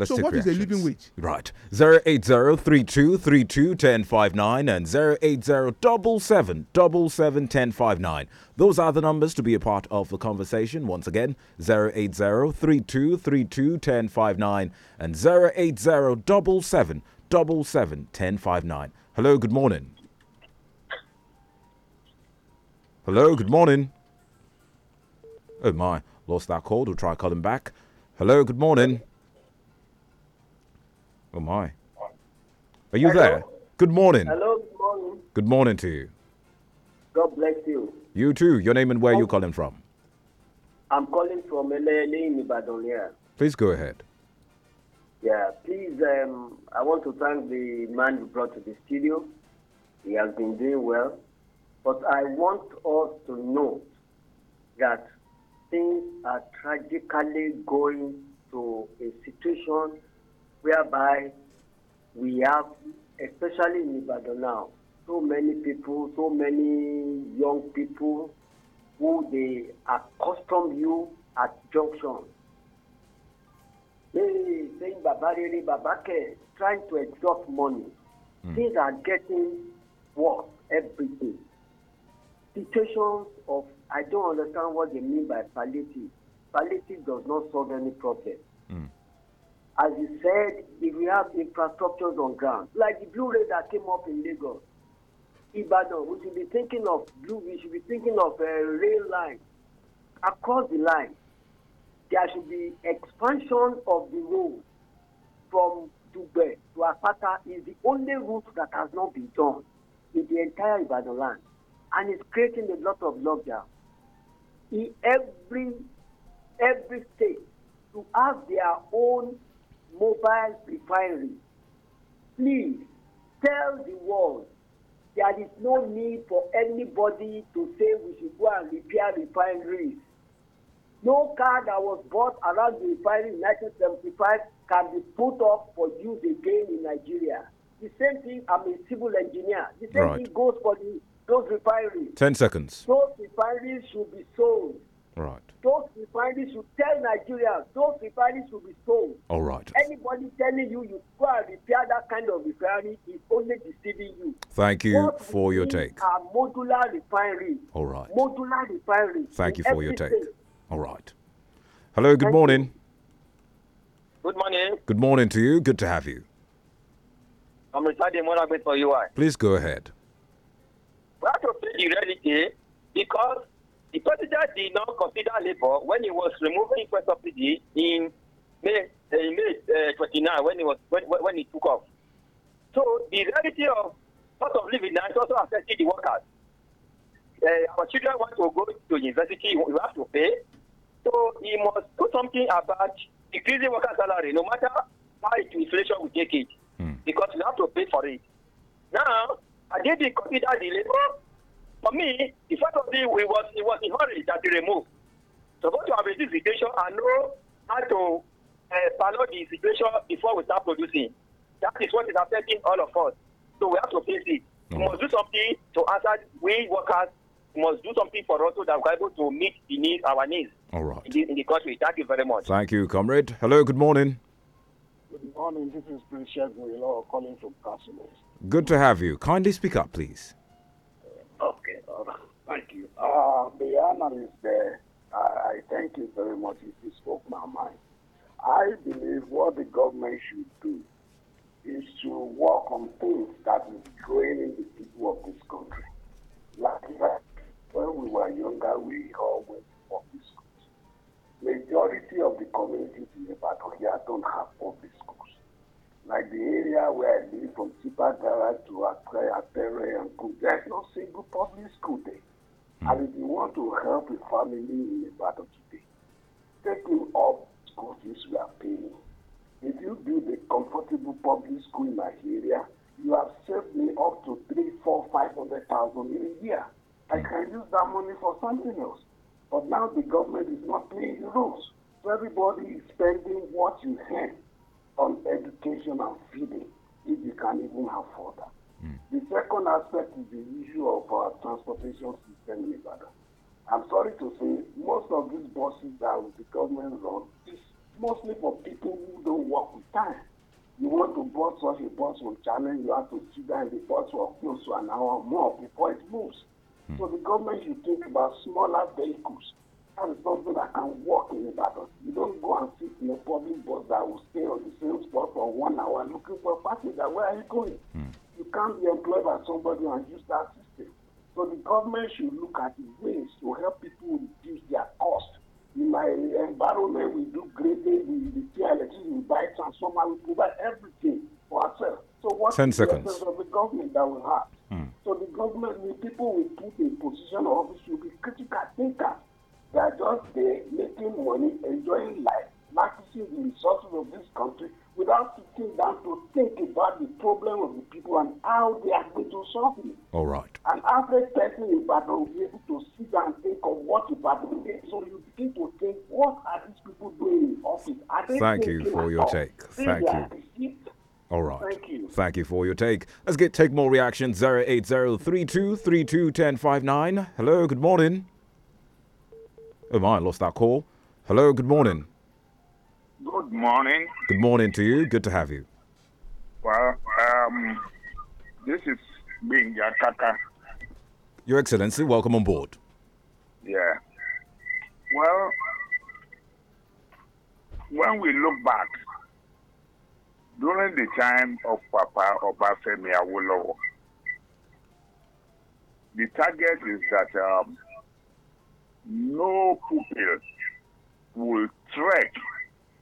Let's so what reactions. is the living wage? Right. 80 3232 and 80 777 Those are the numbers to be a part of the conversation. Once again, 80 3232 and 80 777 Hello, good morning. Hello, good morning. Oh my, lost that call. We'll try calling back. Hello, good morning. Oh my. Are you Hello. there? Good morning. Hello, good morning. Good morning to you. God bless you. You too. Your name and where you calling from? I'm calling from Elele in Ibadan here. Please go ahead. Yeah, please, um, I want to thank the man you brought to the studio. He has been doing well. But I want us to know that things are tragically going to a situation whereby we have, especially in Ibadan now, so many people, so many young people who they accustom you at junction. They saying Baba really trying to extort money. Mm. Things are getting worse every day. Situations of I don't understand what they mean by palliative. Palliative does not solve any problem. As you said, if we have infrastructures on ground, like the blue ray that came up in Lagos, Ibadan, we should be thinking of blue, we should be thinking of a uh, rail line across the line. There should be expansion of the road from Dubai to Apata is the only route that has not been done in the entire Ibadan land. And it's creating a lot of logjam. In every every state to have their own mobile refinery. Please tell the world there is no need for anybody to say we should go and repair refineries. No car that was bought around the refinery in 1975 can be put up for use again in Nigeria. The same thing, I'm a civil engineer. The same right. thing goes for the, those refineries. 10 seconds. Those refineries should be sold Right. Those refineries should tell Nigeria. those refineries should be sold. All right. Anybody telling you you go and repair that kind of refinery is only deceiving you. Thank you for your take. modular refinery. All right. Modular refinery. Thank you for your take. State. All right. Hello. Good Thank morning. You. Good morning. Good morning to you. Good to have you. I'm residing what I for you. Please go ahead. We have to the reality eh? because the president did not consider Labour when he was removing fuel subsidy in May, eh, in May uh, 29 when he was when, when he took off. So the reality of cost of living now is also affecting the workers. Uh, our children want to go to university, we have to pay. So he must do something about increasing worker salary, no matter how it inflation we take it, mm. because we have to pay for it. Now, I did consider the labor for me, the fact of it, we was it was in hurry that they removed. Supposed to have a situation and know how to uh, the situation before we start producing. That is what is affecting all of us. So we have to face it. We mm. must do something to answer we workers. We must do something for us so that we're able to meet the needs, our needs. All right. In the, in the country. Thank you very much. Thank you, comrade. Hello, good morning. Good morning. This is Prince are calling from Castle. Good to have you. Kindly speak up, please. Thank you. Uh, the analyst there, I thank you very much. You spoke my mind. I believe what the government should do is to work on things that is draining the people of this country. Like that, when we were younger, we all went to public schools. Majority of the communities in Ibadan don't have public schools. Like the area where I live, from Tipagara to Atre Apere, and Kudu, there's no single public school there. Mm. And if you want to help a family in a battle today, take him up school fees we are paying. If you build a comfortable public school in my area, you have saved me up to three, four, five hundred thousand in a year. I hmm. can use that money for something else. But now the government is not playing the rules. So everybody is spending what you have on education and feeding, if you can even afford that. Hmm. The second aspect is the issue of our transportation system in Ibadan. I'm sorry to say, most of these buses that the government run is mostly for people who don't work with time. You want to board such a bus from Challenge, you have to sit down in the bus for close to an hour more before it moves. Mm. So the government should think about smaller vehicles. That is something that can work in Ibadan. You don't go and sit in a public bus that will stay on the same spot for one hour looking for a passenger. Where are you going? Mm. You can't be employed by somebody and use that system. So the government should look at ways to help people reduce their cost. In my environment, we do grading, we repair electricity, we buy transformer, we provide everything for ourselves. So what Ten is seconds. of the government that we have? Mm. So the government, the people we put in position of office will be critical thinkers. They are just there making money, enjoying life, practicing the resources of this country, without sitting down to think about the problem of the people and how they are going to solve it. All right. An average person in Ibadan will be able to sit down and think of what Ibadan is. So you begin to think, what are these people doing in office? Thank you for your take. Thank you. All right. Thank you. Thank you for your take. Let's get take more reactions. three two ten five nine. Hello, good morning. Oh my, I lost that call. Hello, good morning. Good morning. Good morning to you. Good to have you. Well, um, this is being Kaka. Your Excellency, welcome on board. Yeah. Well, when we look back, during the time of Papa Obafemi Awolowo, the target is that um, no pupil will trek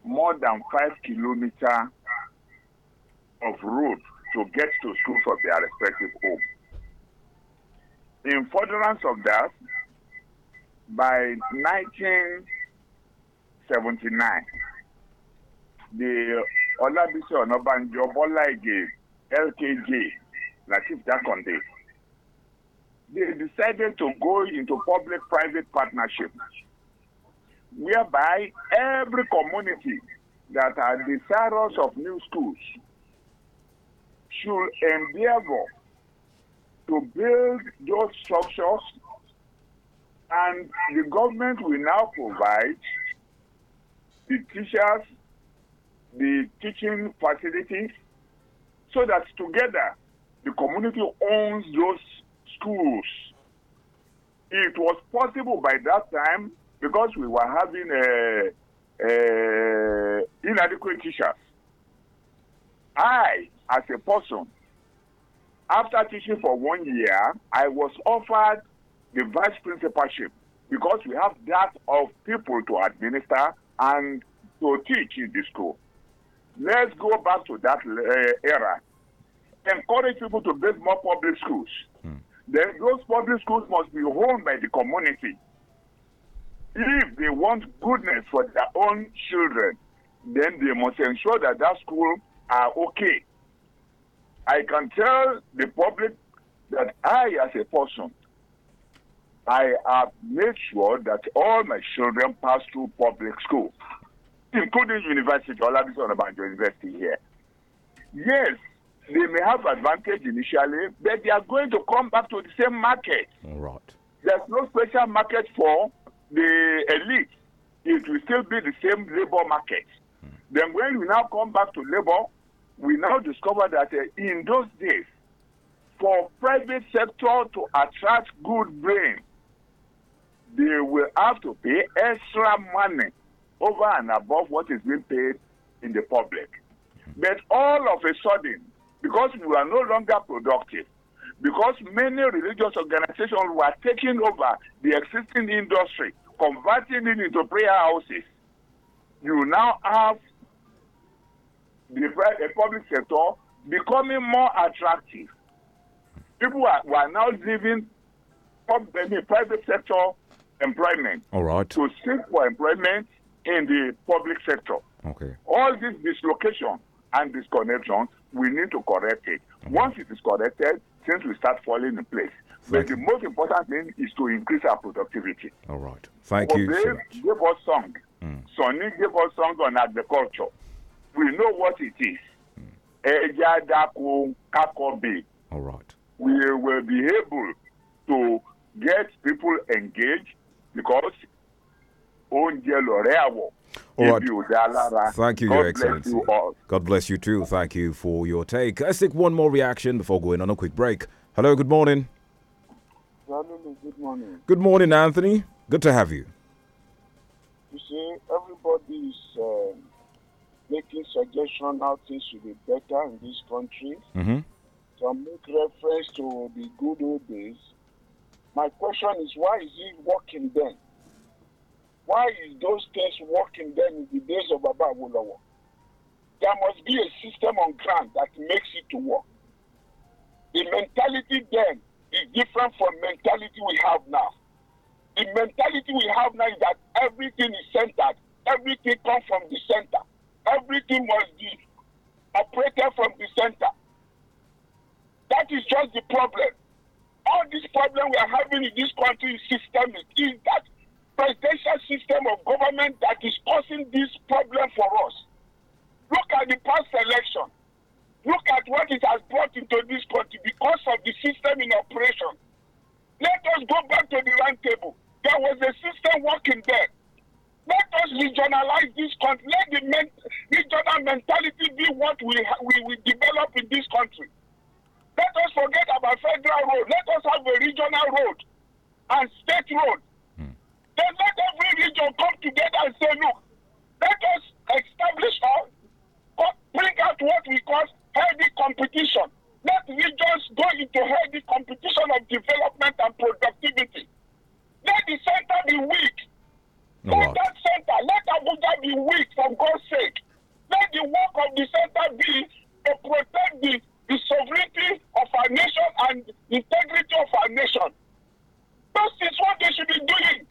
more than five kilometers of road to get to school for their respective home. In furtherance of that, by 1979, the Olabisi Onabanjo Bolaige LKJ, Latif Dakonde, they decided to go into public-private partnership whereby every community that are desirous of new schools should endeavor to build those structures and the government will now provide the teachers, the teaching facilities, so that together the community owns those schools. It was possible by that time because we were having uh, uh, inadequate teachers. I, as a person, after teaching for one year, I was offered the vice principalship because we have that of people to administer and to teach in the school. Let's go back to that uh, era. Encourage people to build more public schools. Mm. Then those public schools must be owned by the community if they want goodness for their own children, then they must ensure that that school are okay. I can tell the public that I, as a person, I have made sure that all my children pass through public school, including university, Olabisi Onabanjo University here. Yes, they may have advantage initially, but they are going to come back to the same market. All right. There's no special market for the elite, it will still be the same labor market. Mm. Then when we now come back to labor, we now discover that uh, in those days, for private sector to attract good brain, they will have to pay extra money over and above what is being paid in the public. But all of a sudden, because we are no longer productive, because many religious organizations were taking over the existing industry, converting it into prayer houses. You now have the public sector becoming more attractive. People are, were now leaving the private sector employment All right. to seek for employment in the public sector. Okay. All this dislocation and disconnection, we need to correct it. Okay. Once it is corrected, things will start falling in place. Thank but you. the most important thing is to increase our productivity. All right. Thank you. They so gave us song. Mm. Sonny gave us song on agriculture. We know what it is. Mm. All right. We will be able to get people engaged because oúnjẹ lọ̀rẹ́ all right. Thank you, God Your Excellency. You God bless you too. Thank you for your take. Let's take one more reaction before going on a quick break. Hello, good morning. Good morning. Good morning, Anthony. Good to have you. You see, everybody is um, making suggestion how things should be better in this country. Mm -hmm. make reference to the good old days. My question is, why is he working then? Why is those things working then in the days of Baba Awolowo? There must be a system on ground that makes it to work. The mentality then is different from mentality we have now. The mentality we have now is that everything is centered, everything comes from the center, everything must be operated from the center. That is just the problem. All this problem we are having in this country is systemic. Is that presidential system of government that is causing this problem for us. Look at the past election. Look at what it has brought into this country because of the system in operation. Let us go back to the round table. There was a system working there. Let us regionalize this country. Let the men- regional mentality be what we, ha- we, we develop in this country. Let us forget about federal road. Let us have a regional road and state road then let every region come together and say, look, let us establish or bring out what we call healthy competition. Let regions go into healthy competition of development and productivity. Let the center be weak. No let that center, let Abuja be weak for God's sake. Let the work of the center be to protect the, the sovereignty of our nation and integrity of our nation. This is what they should be doing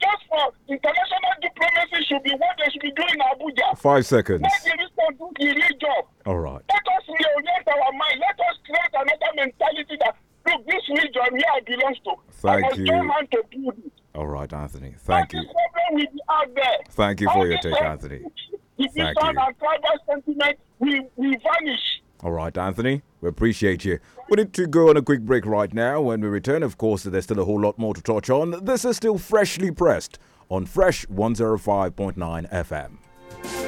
just for international diplomacy should be what they should be doing in Abuja. Five seconds. job. All right. Let us reorient our mind. Let us create another mentality that look, this region here I belong to. Thank you. To do All right, Anthony. Thank you. The problem out there. Thank you for All your take, Anthony. If Thank you. our tribal sentiment we we vanish. All right, Anthony, we appreciate you. We need to go on a quick break right now. When we return, of course, there's still a whole lot more to touch on. This is still freshly pressed on Fresh 105.9 FM.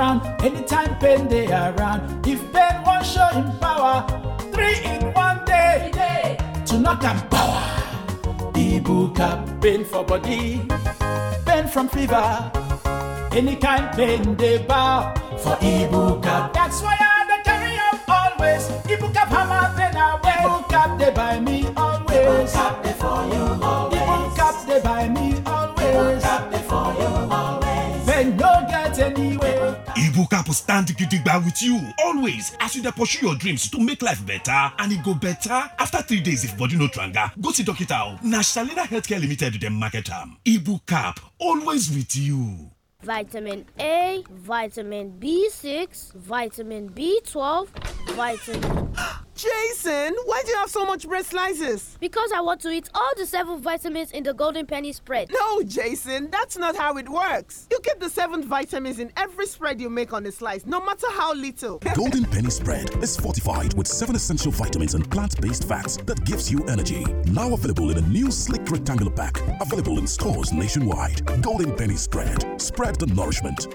Anytime pain they around. If pain will show in power, three in one day. day. To knock and power. Ibuka. Pain for body. Pain from fever. Any kind pain they bow for Ibuka. That's why I the carry up always. Ibuka hammer pain away. Ibuka they buy me always. Ibuka they for you always. Ibuka they buy me always. Okapo stand gidigba with you always as you dey pursue your dreams to make life better and e go better. After three days if body no tranga, go see doctor o. Na Shalina Healthcare Limited dem market am. Ibu cap always with you vitamin A, vitamin B6, vitamin B12, vitamin. Jason, why do you have so much bread slices? Because I want to eat all the seven vitamins in the golden penny spread. No, Jason, that's not how it works. You get the seven vitamins in every spread you make on a slice, no matter how little. golden penny spread is fortified with seven essential vitamins and plant-based fats that gives you energy. Now available in a new slick rectangular pack, available in stores nationwide. Golden penny spread. Spread the to Nourishment.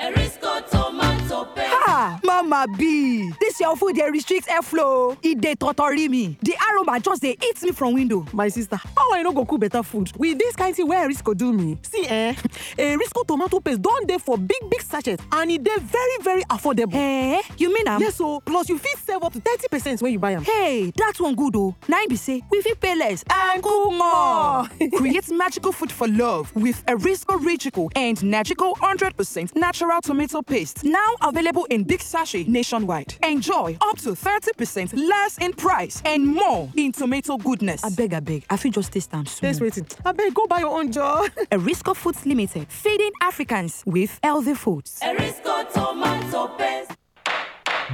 Erisco tomato Ha! This be your food They restrict airflow It they totori me The aroma just they eat me from window my sister how i no go cook better food with this kind of where Risco? do me see eh, eh Risco tomato paste Don't there for big big sachets and it they very very affordable eh you mean am yes o plus you fit save up to 30 percent when you buy them. hey that's one good though. Now im be say we fit pay less and cook more create magical food for love with a Risco Ritual and najico 100% natural tomato paste now available in big sachet nationwide. Enjoy up to 30% less in price and more in tomato goodness. I beg, I beg. I feel just taste time soon. Taste I beg, go buy your own jar. Erisco Foods Limited. Feeding Africans with healthy foods. Erisco tomato paste.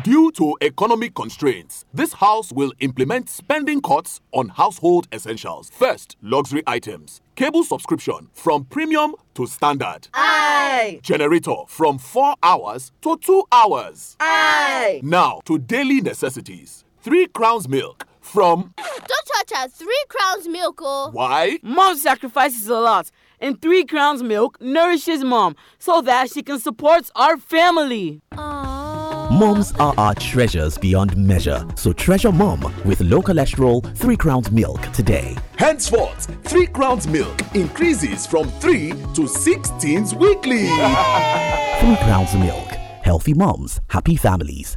Due to economic constraints, this House will implement spending cuts on household essentials. First, luxury items. Cable subscription from premium to standard. Aye. Generator from 4 hours to 2 hours. Aye. Now to daily necessities. 3 crowns milk from. Don't touch our 3 crowns milk, oh. Why? Mom sacrifices a lot and three crowns milk nourishes mom so that she can support our family. Uh. Moms are our treasures beyond measure. So treasure mom with low cholesterol 3 crowns milk today. Henceforth, 3 crowns milk increases from 3 to 16 weekly. 3 crowns milk. Healthy moms, happy families.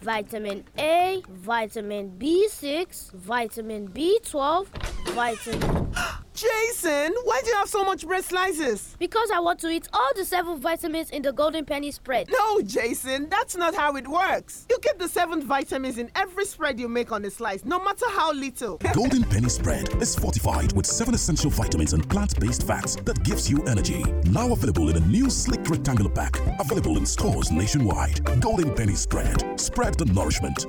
vitamin A, vitamin B6, vitamin B12, vitamin. Jason, why do you have so much bread slices? Because I want to eat all the seven vitamins in the golden penny spread. No, Jason, that's not how it works. You get the seven vitamins in every spread you make on a slice, no matter how little. golden penny spread is fortified with seven essential vitamins and plant-based fats that gives you energy. Now available in a new sleek rectangular pack, available in stores nationwide. Golden penny spread. Spread the nourishment.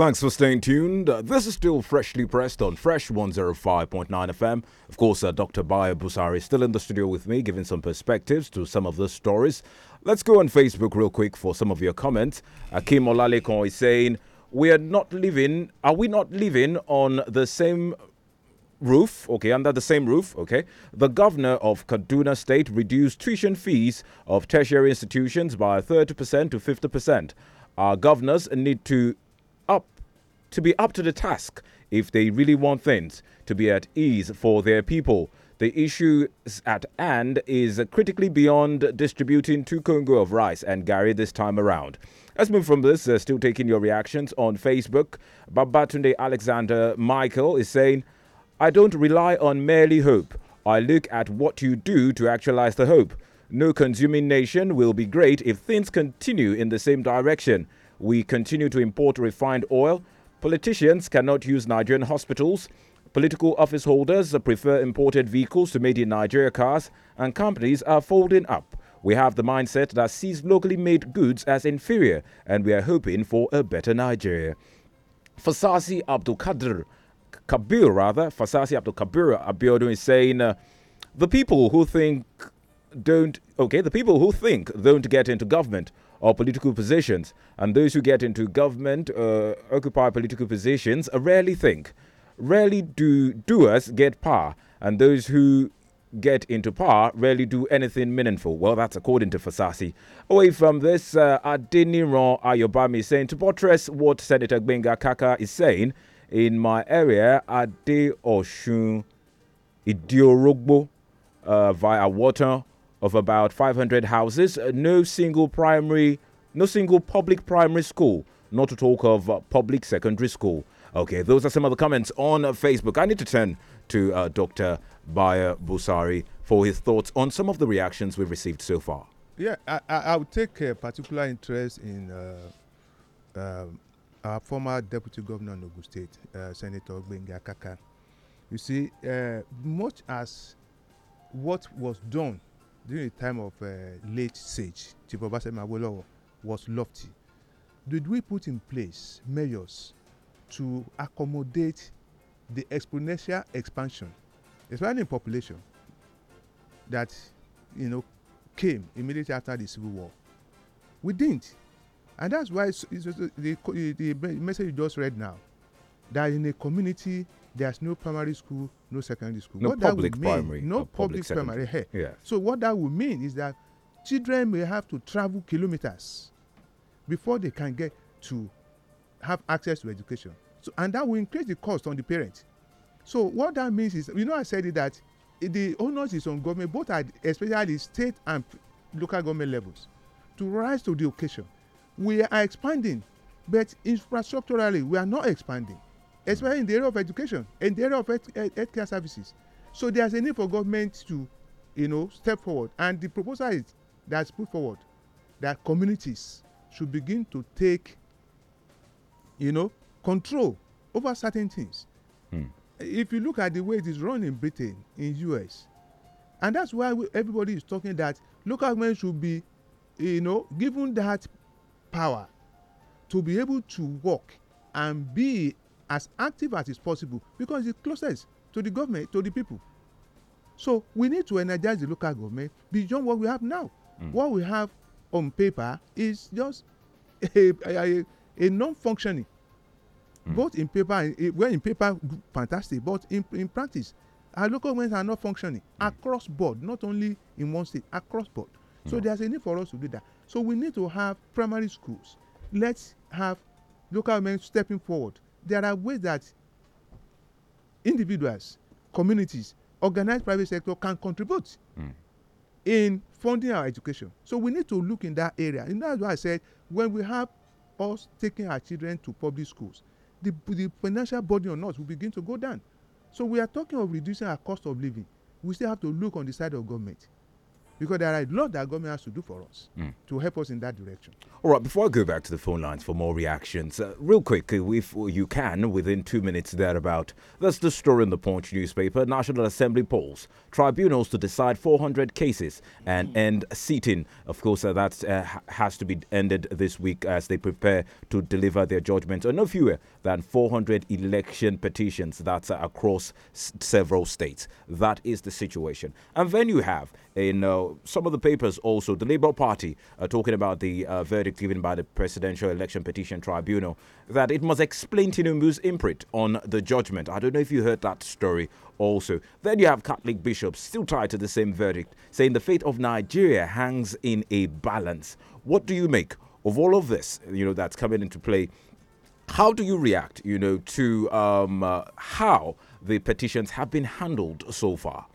Thanks for staying tuned. Uh, this is still freshly pressed on Fresh 105.9 FM. Of course, uh, Dr. Baya Busari is still in the studio with me, giving some perspectives to some of the stories. Let's go on Facebook real quick for some of your comments. Akim Olalekon is saying, "We are not living. Are we not living on the same roof, okay, under the same roof, okay, the governor of Kaduna State reduced tuition fees of tertiary institutions by 30% to 50%. Our governors need to up to be up to the task if they really want things to be at ease for their people. The issue at hand is critically beyond distributing two Congo of rice and Gary this time around. Let's move from this. Uh, still taking your reactions on Facebook. Babatunde Alexander Michael is saying, I don't rely on merely hope. I look at what you do to actualize the hope. No consuming nation will be great if things continue in the same direction. We continue to import refined oil. Politicians cannot use Nigerian hospitals. Political office holders prefer imported vehicles to made in Nigeria cars, and companies are folding up. We have the mindset that sees locally made goods as inferior, and we are hoping for a better Nigeria. Fasasi Abdul Kadir, Kabir rather, Fasasi Abdul Kabir Abiodun is saying, uh, the people who think don't, okay, the people who think don't get into government or political positions. And those who get into government, uh, occupy political positions, uh, rarely think. Rarely do doers get power, and those who get into power rarely do anything meaningful. Well, that's according to Fasasi. Away from this, uh, Adeniran Ayobami saying to buttress what Senator Gbenga Kaka is saying, in my area, Ade Oshun Idiorogbo uh, via water of about 500 houses, uh, no single primary, no single public primary school, not to talk of uh, public secondary school. Okay, those are some of the comments on Facebook. I need to turn to uh, Dr. Bayer Busari for his thoughts on some of the reactions we've received so far. Yeah, I, I, I would take a particular interest in uh, uh, our former Deputy Governor of Ogun State, uh, Senator Benga Kaka. You see, much as what was done during the time of uh, late sage Chief Obasemi Awolowo was lofty. Did we put in place measures to accommodate the exponential expansion, expanding population that you know came immediately after the Civil War? We didn't, and that's why it's, it's, the, the message you just read now that in a community there's no primary school, no secondary school. No what public that would mean, primary. No public, public primary. Hey. Yeah. So what that would mean is that children may have to travel kilometers before they can get to have access to education. So and that will increase the cost on the parents. So what that means is, you know, I said it that the onus is on government, both at especially state and local government levels, to rise to the occasion. We are expanding, but infrastructurally we are not expanding especially in the area of education and the area of health, eh, health services so there's a need for government to you know step forward and the proposal is that's put forward that communities should begin to take you know control over certain things hmm. if you look at the way it is run in britain in us and that's why we, everybody is talking that local government should be you know given that power to be able to work and be as active as is possible because it's closest to the government, to the people. So we need to energize the local government beyond what we have now. Mm. What we have on paper is just a, a, a, a non-functioning. Mm. Both in paper, and, eh, well in paper, fantastic, but in, in practice, our local governments are not functioning mm. across board, not only in one state, across board. So there's a need for us to do that. So we need to have primary schools. Let's have local governments stepping forward there are ways that individuals, communities, organized private sector can contribute mm. in funding our education. So we need to look in that area. And that's why I said when we have us taking our children to public schools, the, the financial burden on us will begin to go down. So we are talking of reducing our cost of living. We still have to look on the side of government. because there are a lot that government has to do for us mm. to help us in that direction. All right, before I go back to the phone lines for more reactions, uh, real quick, uh, if you can, within two minutes thereabout, that's the story in the Punch newspaper. National Assembly polls tribunals to decide 400 cases and hmm. end seating. Of course, uh, that uh, has to be ended this week as they prepare to deliver their judgments on uh, no fewer than 400 election petitions that's uh, across several states. That is the situation. And then you have You know, some of the papers also, the Labour Party are talking about the uh, verdict given by the Presidential Election Petition Tribunal that it must explain Tinubu's imprint on the judgment. I don't know if you heard that story also. Then you have Catholic bishops still tied to the same verdict, saying the fate of Nigeria hangs in a balance. What do you make of all of this, you know, that's coming into play? How do you react, you know, to um, uh, how the petitions have been handled so far?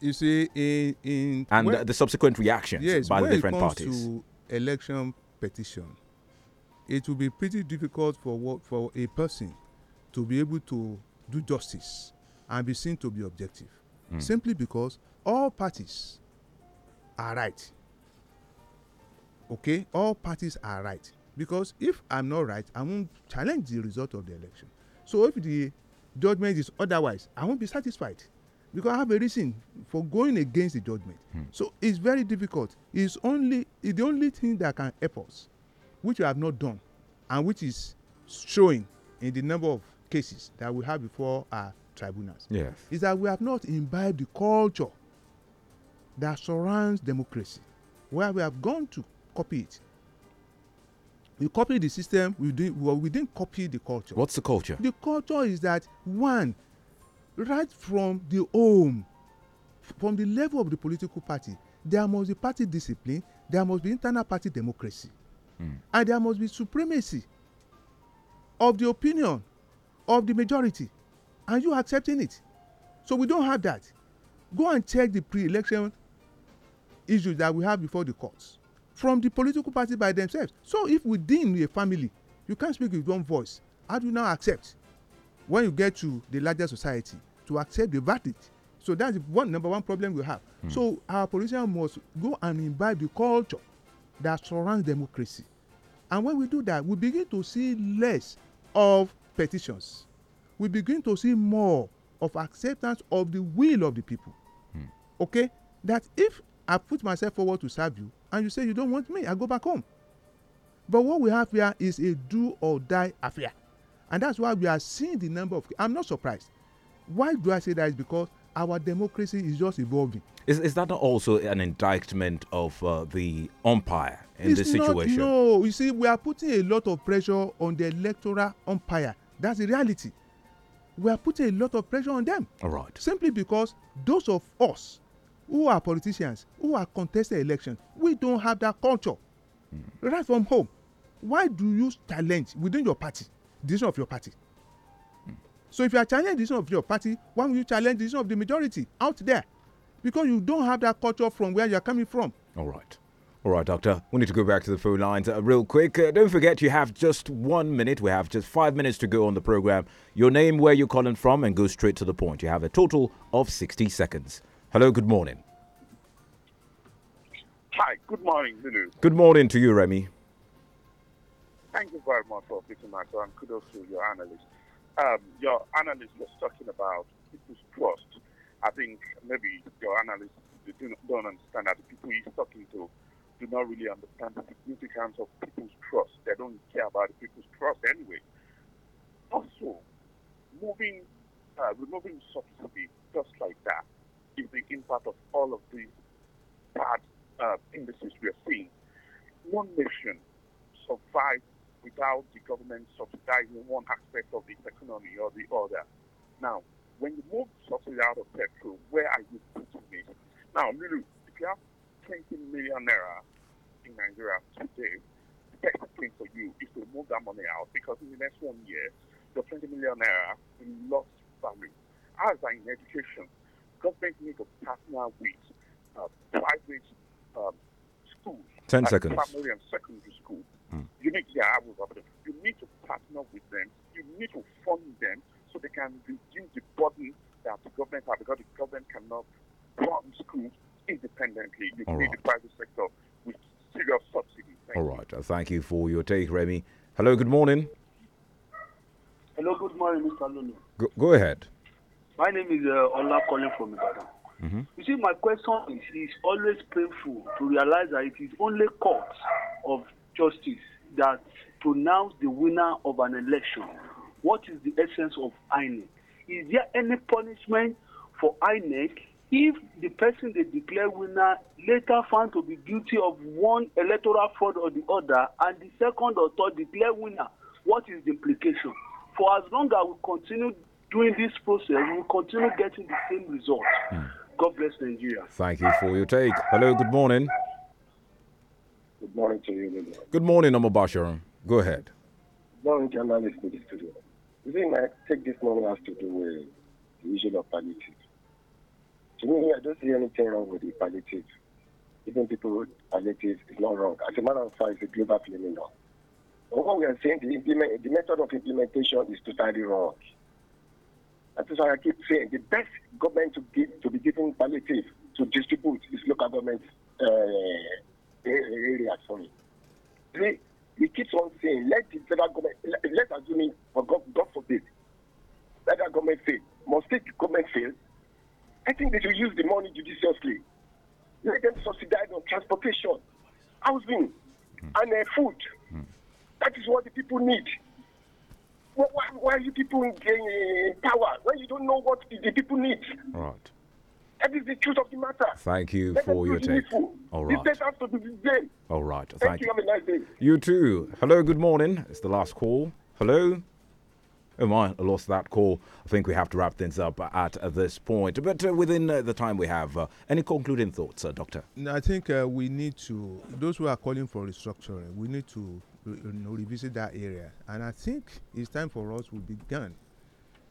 you see, in, in and when, the subsequent reactions yes, by the different it comes parties. To election petition, it will be pretty difficult for what, for a person to be able to do justice and be seen to be objective, mm. simply because all parties are right. Okay, all parties are right because if I'm not right, I won't challenge the result of the election. So if the judgment is otherwise, I won't be satisfied because I have a reason for going against the judgment. Hmm. So it's very difficult. It's only it's the only thing that can help us, which we have not done, and which is showing in the number of cases that we have before our tribunals. Yes. Is that we have not imbibed the culture that surrounds democracy, where we have gone to copy it. We copy the system, we didn't, well, we didn't copy the culture. What's the culture? The culture is that one, right from the home from the level of the political party there must be party discipline there must be internal party democracy mm. and there must be supremacy of the opinion of the majority and you accepting it so we don't have that go and check the pre-election issues that we have before the courts from the political party by themselves so if within a family you can't speak with one voice how do you now accept when you get to the larger society to accept the verdict so that's the one number one problem we have. Mm. so our politicians must go and imbibe the culture that surrounds democracy and when we do that we begin to see less of petitions we begin to see more of acceptance of the will of the people mm. okay that if i put myself forward to serve you and you say you don't want me i go back home but what we have here is a do or die affair and that's why we are seeing the number of i'm not surprised why do i say that is because our democracy is just evolving. Is, is that also an indictment of uh, the umpire in it's this not, situation? No, you see, we are putting a lot of pressure on the electoral umpire. That's the reality. We are putting a lot of pressure on them. All right. Simply because those of us who are politicians, who are contesting elections, we don't have that culture. Mm. Right from home. Why do you challenge within your party? decision of your party. So if you are challenging the decision of your party, why would you challenge the decision of the majority out there? Because you don't have that culture from where you are coming from. All right. All right, Doctor, we need to go back to the phone lines uh, real quick. Uh, don't forget, you have just one minute. We have just five minutes to go on the program. Your name, where you're calling from, and go straight to the point. You have a total of 60 seconds. Hello, good morning. Hi, good morning, Zulu. Good morning to you, Remy. Thank you very much for picking my and Kudos to your analyst. Um, your analyst was talking about people's trust. I think maybe your analyst do not understand that the people he's talking to do not really understand the significance of people's trust. They don't care about the people's trust anyway. Also, moving, uh, removing subsidy just like that is the impact of all of these bad uh, indices we are seeing. One nation survived without the government subsidizing one aspect of the economy or the other. Now, when you move subsidy out of petrol, where are you putting it? Now, Milu, if you have 20 million naira in Nigeria today, the best thing for you is to move that money out because in the next one year, your 20 million naira will lost value. As in education, government need to partner with uh, private um, schools, 10 seconds. primary and secondary schools, Mm. You need yeah, you need to partner with them. You need to fund them so they can reduce the burden that the government has because the government cannot run schools independently. You All need right. the private sector with serious subsidies. Thank All you. right. Uh, thank you for your take, Remy. Hello. Good morning. Hello. Good morning, Mr. Lulu. Go, go, ahead. My name is uh, Ola calling from Ibadan. Mm -hmm. You see, my question is: is always painful to realize that it is only courts of justice that pronounce the winner of an election. What is the essence of INEC? Is there any punishment for INEC if the person they declare winner later found to be guilty of one electoral fraud or the other and the second or third declare winner? What is the implication? For as long as we continue doing this process, we will continue getting the same result. Hmm. God bless Nigeria. Thank you for your take. Hello, good morning. Good morning to you. Lilian. Good morning, Omo Basharam. Go ahead. Good morning, journalists in the studio. You see, I take this morning has to do with the issue of palliative. To me, I don't see anything wrong with the palliative. Even people with palliative is not wrong. As a matter of fact, it's a global phenomenon. But what we are saying, the, implement, the method of implementation is totally wrong. That is why I keep saying the best government to give to be given palliative to distribute is local government uh, reaction. They, he keeps on saying, let the federal government, let, let's assume, for God, God forbid, federal government fail. Must the government fail? I think they should use the money judiciously. Let them subsidize on transportation, housing, mm. and uh, food. Mm. That is what the people need. why, why, are you people in power when you don't know what the people need? Right. That is the truth of the matter. Thank you Let for your take. All right. This has to be this All right. Thank, Thank you. Have a nice day. You too. Hello. Good morning. It's the last call. Hello. Oh my, I lost that call. I think we have to wrap things up at this point. But uh, within uh, the time we have, uh, any concluding thoughts, uh, Doctor? I think uh, we need to, those who are calling for restructuring, we need to you know, revisit that area. And I think it's time for us to begin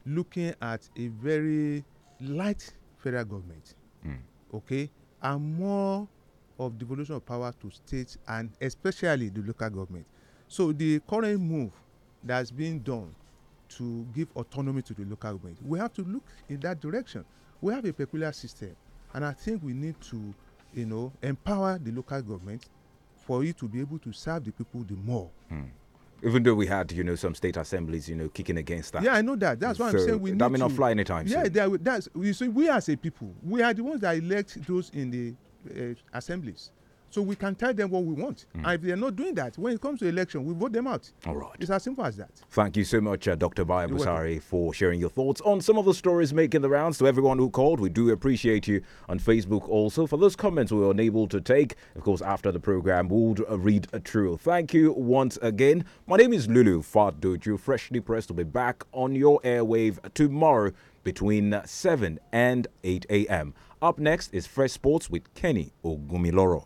looking at a very light federal government. Mm. Okay, and more of devolution of power to states and especially the local government. So the current move that's being done to give autonomy to the local government, we have to look in that direction. We have a peculiar system, and I think we need to, you know, empower the local government for it to be able to serve the people the more. Mm even though we had you know some state assemblies you know kicking against that. Yeah, I know that. That's why so I'm saying we. That may not fly anytime. Yeah, that's you see, we as a people, we are the ones that elect those in the uh, assemblies. So we can tell them what we want. Mm. And if they're not doing that, when it comes to election, we vote them out. All right. It's as simple as that. Thank you so much, uh, Dr. Baya Busari, for sharing your thoughts on some of the stories making the rounds. To everyone who called, we do appreciate you on Facebook also for those comments we were unable to take. Of course, after the program, we'll uh, read a true. Thank you once again. My name is Lulu Fatdoju, freshly pressed. will be back on your airwave tomorrow between 7 and 8 a.m. Up next is Fresh Sports with Kenny Ogumiloro.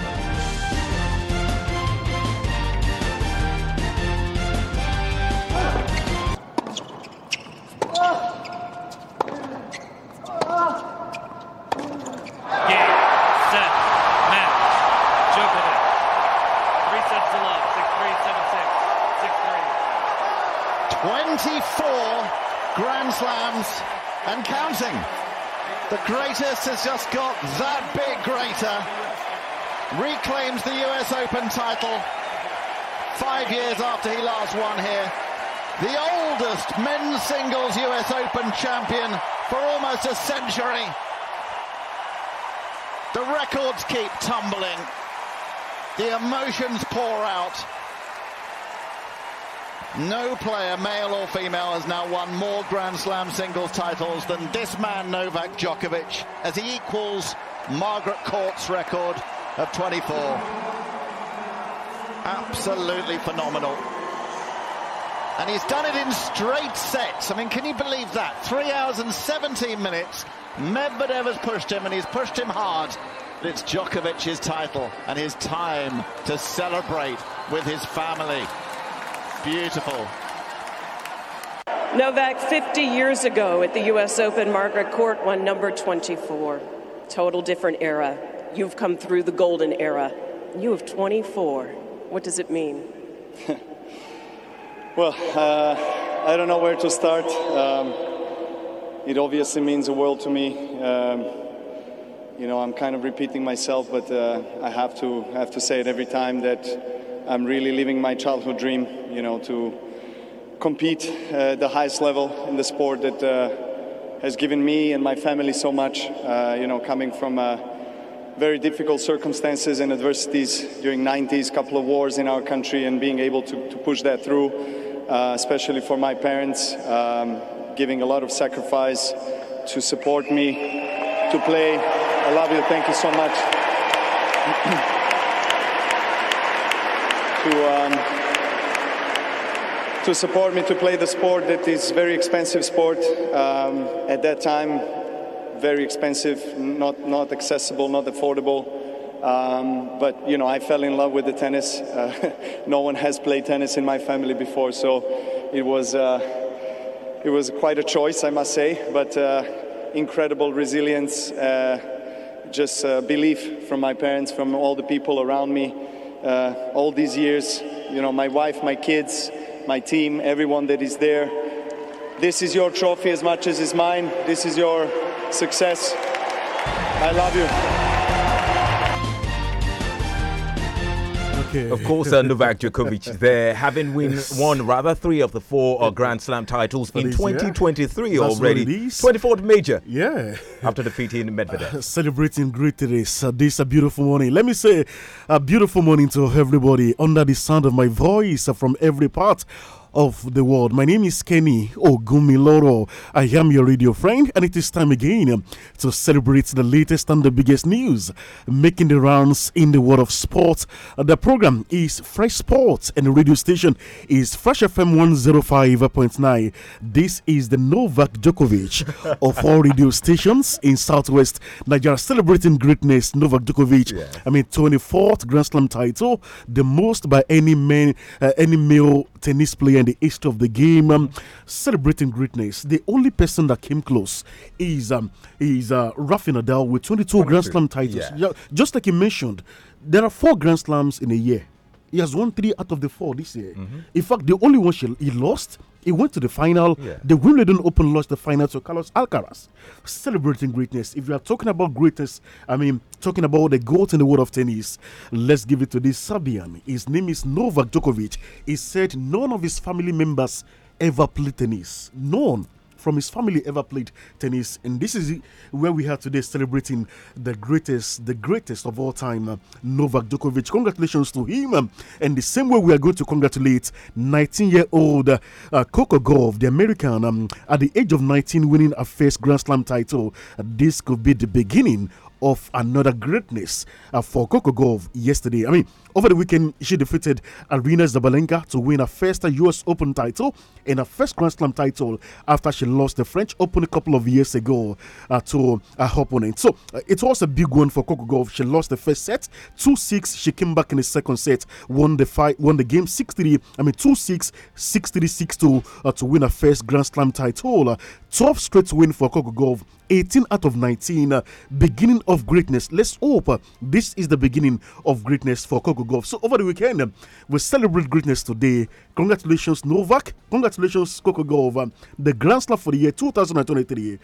four Grand Slams and counting. The greatest has just got that bit greater. Reclaims the US Open title five years after he last won here. The oldest men's singles US Open champion for almost a century. The records keep tumbling. The emotions pour out. No player, male or female, has now won more Grand Slam singles titles than this man, Novak Djokovic, as he equals Margaret Court's record of 24. Absolutely phenomenal. And he's done it in straight sets. I mean, can you believe that? Three hours and 17 minutes. Medvedev has pushed him, and he's pushed him hard. But it's Djokovic's title and his time to celebrate with his family. Beautiful. Novak, 50 years ago at the U.S. Open, Margaret Court won number 24. Total different era. You've come through the golden era. You have 24. What does it mean? well, uh, I don't know where to start. Um, it obviously means the world to me. Um, you know, I'm kind of repeating myself, but uh, I have to I have to say it every time that I'm really living my childhood dream, you know, to compete uh, the highest level in the sport that uh, has given me and my family so much, uh, you know, coming from uh, very difficult circumstances and adversities during 90s, couple of wars in our country and being able to, to push that through, uh, especially for my parents, um, giving a lot of sacrifice to support me, to play. I love you. Thank you so much. to. Um, to support me to play the sport that is very expensive sport um, at that time very expensive not not accessible not affordable um, but you know i fell in love with the tennis uh, no one has played tennis in my family before so it was uh, it was quite a choice i must say but uh, incredible resilience uh, just uh, belief from my parents from all the people around me uh, all these years. You know, my wife, my kids, my team, everyone that is there. This is your trophy as much as is mine. This is your success. I love you. okay. Of course, uh, Novak Djokovic there, having win, won rather three of the four uh, Grand Slam titles in 2023 already. 24th major. Yeah. After defeating Medvedev. Uh, celebrating great uh, this a beautiful morning. Let me say a beautiful morning to everybody under the sound of my voice uh, from every part of the world. My name is Kenny Ogumiloro. I am your radio friend, and it is time again to celebrate the latest and the biggest news making the rounds in the world of sports. Uh, the program is Fresh Sports, and the radio station is Fresh FM 105.9. This is the Novak Djokovic of all radio stations in Southwest Nigeria, celebrating greatness. Novak Djokovic, yeah. I mean, 24th Grand Slam title, the most by any man, uh, any male tennis player in the history of the game, um, celebrating greatness. The only person that came close is um, is uh, Rafi Nadal with 22 22. Grand Slam titles. Yeah. Just like you mentioned, there are four Grand Slams in a year. He has won three out of the four this year. Mm -hmm. In fact, the only one she, he lost he went to the final. Yeah. The Wimbledon Open lost the final to Carlos Alcaraz. Celebrating greatness. If you are talking about greatness, I mean, talking about the goat in the world of tennis, let's give it to this Serbian. His name is Novak Djokovic. He said none of his family members ever played tennis. None from his family ever played tennis. And this is where we are today celebrating the greatest, the greatest of all time, uh, Novak Djokovic. Congratulations to him. and the same way we are going to congratulate 19 year old uh, Coco Gauff, the American, um, at the age of 19, winning a first Grand Slam title. this could be the beginning of another greatness uh, for Golf yesterday. I mean, over the weekend, she defeated Arena Zabalenka to win her first US Open title and her first Grand Slam title after she lost the French Open a couple of years ago uh, to her opponent. So uh, it was a big one for Coco Golf. She lost the first set 2 6. She came back in the second set, won the fight, won the game 6 3. I mean, 2 6, 6 3, 6 2 uh, to win her first Grand Slam title. 12 straight win for Coco Golf, 18 out of 19, uh, beginning of greatness. Let's hope uh, this is the beginning of greatness for Coco Golf. So over the weekend, uh, we celebrate greatness today. Congratulations, Novak. Congratulations, Coco Golf. Uh, the Grand Slam for the year 2023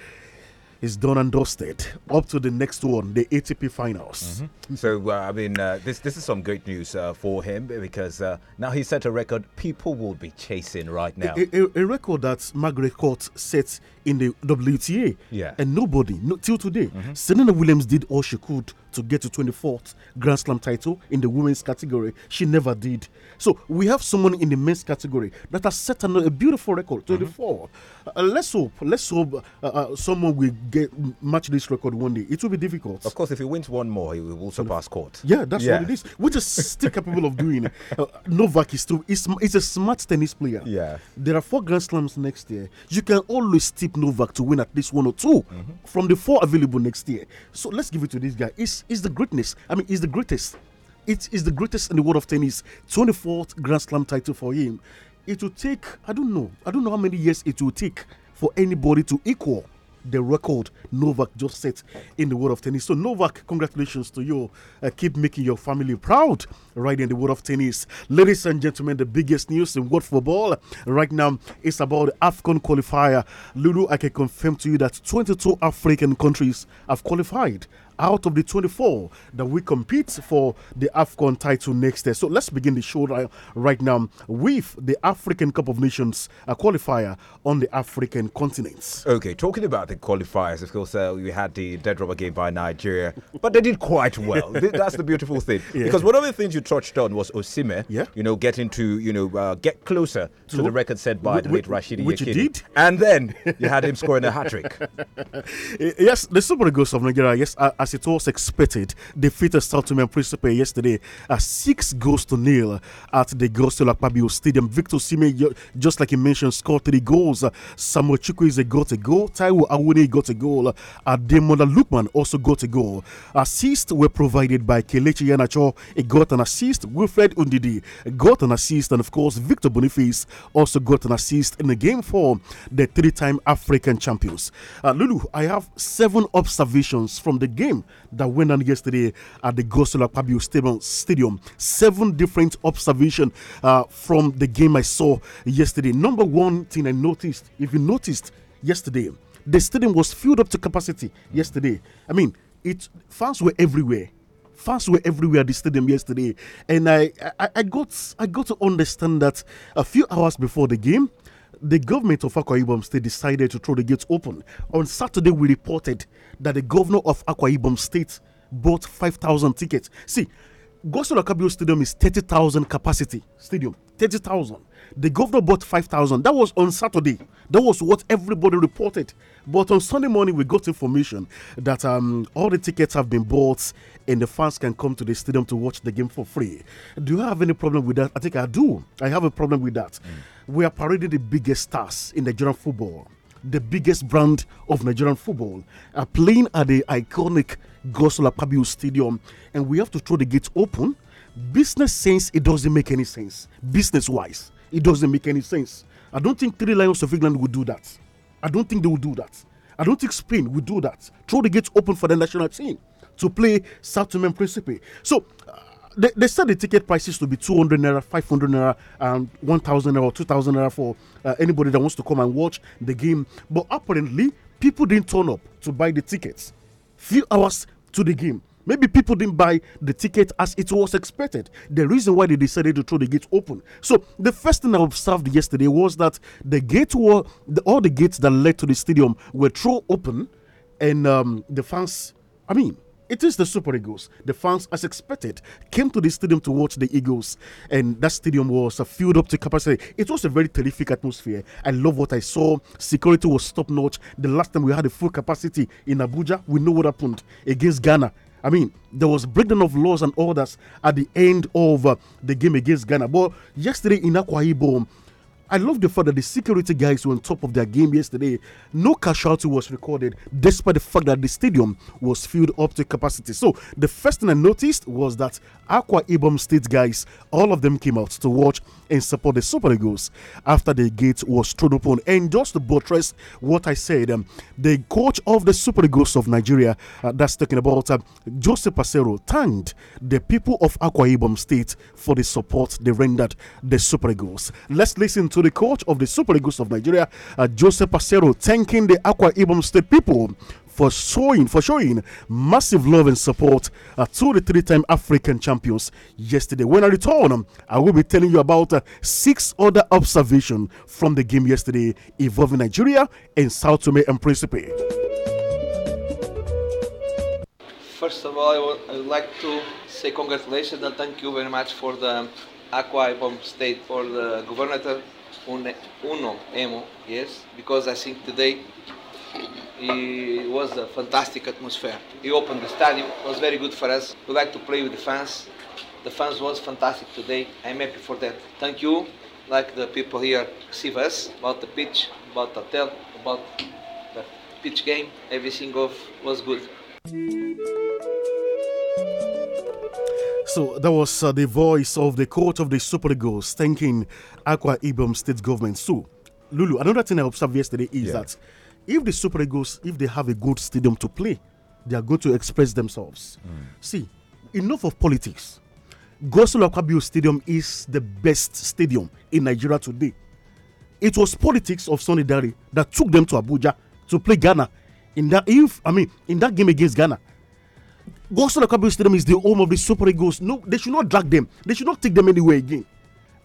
is done and dusted. Up to the next one, the ATP Finals. Mm -hmm. So uh, I mean, uh, this this is some great news uh, for him because now he set a record people will be chasing right now. A, a, a record that Margaret Court set in the WTA. Yeah. And nobody, no, till today, mm -hmm. Serena Williams did all she could to get to 24th Grand Slam title in the women's category. She never did. So we have someone in the men's category that has set a beautiful record, mm-hmm. 24. Mm -hmm. uh, let's hope, let's hope uh, uh, someone will get match this record one day. It will be difficult. Of course, if he wins one more, he will surpass Court. Yeah, that's yeah. what it is. Which is still capable of doing. Uh, Novak is too. It's, it's a smart tennis player. Yeah. There are four Grand Slams next year. You can always tip Novak to win at least one or 2 mm -hmm. from the four available next year. So let's give it to this guy. He's, he's the greatness. I mean, he's the greatest. It is the greatest in the world of tennis. 24th Grand Slam title for him. It will take, I don't know, I don't know how many years it will take for anybody to equal the record Novak just set in the world of tennis. So, Novak, congratulations to you. Uh, keep making your family proud right in the world of tennis. Ladies and gentlemen, the biggest news in world football right now is about the AFCON qualifier. Lulu, I can confirm to you that 22 African countries have qualified out of the 24 that we compete for the AFCON title next year. So let's begin the show right, now with the African Cup of Nations a qualifier on the African continent. Okay, talking about the qualifiers, of course, uh, we had the dead rubber game by Nigeria, but they did quite well. That's the beautiful thing. Yeah. Because one of the things you touched on was Osime, yeah. you know, getting to, you know, uh, get closer to, to the record set by the late Rashidi Which Yekini. did. And then you had him scoring a hat trick. yes, the Super Eagles of Nigeria, yes, I, I as it was expected, defeated South Tomé and Principe yesterday at six goals to nil at the Grosio Pabio Stadium. Victor Sime, just like he mentioned, scored three goals. Samuel Chukwueze got a goal. Taiwo Awuni got a goal. Ademola Lukman also got a goal. Assists were provided by Kelechi Yanacho. He got an assist. Wilfred Undidi got an assist. And of course, Victor Boniface also got an assist in the game for the three time African champions. Uh, Lulu, I have seven observations from the game game that went on yesterday at the Gosula Pabio Stadium. Seven different observations uh, from the game I saw yesterday. Number one thing I noticed, if you noticed yesterday, the stadium was filled up to capacity yesterday. I mean, it fans were everywhere fans were everywhere at the stadium yesterday, and I, I, I, got I got to understand that a few hours before the game, the government of Akwa Ibom State decided to throw the gates open. On Saturday, we reported that the governor of Akwa Ibom State bought 5,000 tickets. See, Gosola Kabio Stadium is 30,000 capacity stadium. 30,000. The governor bought 5,000. That was on Saturday. That was what everybody reported. But on Sunday morning, we got information that um, all the tickets have been bought and the fans can come to the stadium to watch the game for free. Do you have any problem with that? I think I do. I have a problem with that. Mm we are parading the biggest stars in Nigerian football, the biggest brand of Nigerian football, are uh, playing at the iconic Gosola Pabiu Stadium, and we have to throw the gates open. Business sense, it doesn't make any sense. Business wise, it doesn't make any sense. I don't think Three Lions of England would do that. I don't think they will do that. I don't think Spain would do that. Throw the gates open for the national team to play South Principe. So, uh, they, they the ticket prices to be 200 naira, 500 naira, and 1000 naira or 2000 naira for uh, anybody that wants to come and watch the game. But apparently, people didn't turn up to buy the tickets. Few hours to the game. Maybe people didn't buy the ticket as it was expected. The reason why they decided to throw the gate open. So the first thing I observed yesterday was that the gate were the, all the gates that led to the stadium were thrown open, and um, the fans. I mean, it is the Super Eagles. The fans, as expected, came to the stadium to watch the Eagles, and that stadium was uh, filled up to capacity. It was a very terrific atmosphere. I love what I saw. Security was top notch. The last time we had a full capacity in Abuja, we know what happened against Ghana. I mean, there was breakdown of laws and orders at the end of uh, the game against Ghana. But yesterday in Akwa Ibom, I love the fact that the security guys were on top of their game yesterday. No casualty was recorded, despite the fact that the stadium was filled up to capacity. So the first thing I noticed was that Aqua Ibom State guys, all of them came out to watch and support the Super Eagles after the gate was thrown open. And just to buttress what I said, um, the coach of the Super Eagles of Nigeria, uh, that's talking about uh, Joseph Pacero, thanked the people of Aqua Ibom State for the support they rendered the Super Eagles. Let's listen to to the coach of the Super Eagles of Nigeria, uh, Joseph Pacero, thanking the Aqua Ibom State people for showing for showing massive love and support uh, to the three-time African champions yesterday. When I return, I will be telling you about uh, six other observations from the game yesterday involving Nigeria and South Tome and Principe. First of all, I would like to say congratulations and thank you very much for the Aqua Ibom State for the governor uno emo, yes, because I think today it was a fantastic atmosphere. He opened the stadium, it was very good for us. We like to play with the fans. The fans was fantastic today. I'm happy for that. Thank you, like the people here receive us about the pitch, about the hotel, about the pitch game. Everything of was good. So that was uh, the voice of the court of the Super Eagles thanking Aqua Ibom state government. So, Lulu, another thing I observed yesterday is yeah. that if the Super Eagles, if they have a good stadium to play, they are going to express themselves. Mm. See, enough of politics. Gosolo Akwabio Stadium is the best stadium in Nigeria today. It was politics of Sonny Dari that took them to Abuja to play Ghana in that if I mean in that game against Ghana Gospel Akabu Stadium is the home of the Super Eagles. No, they should not drag them. They should not take them anywhere again.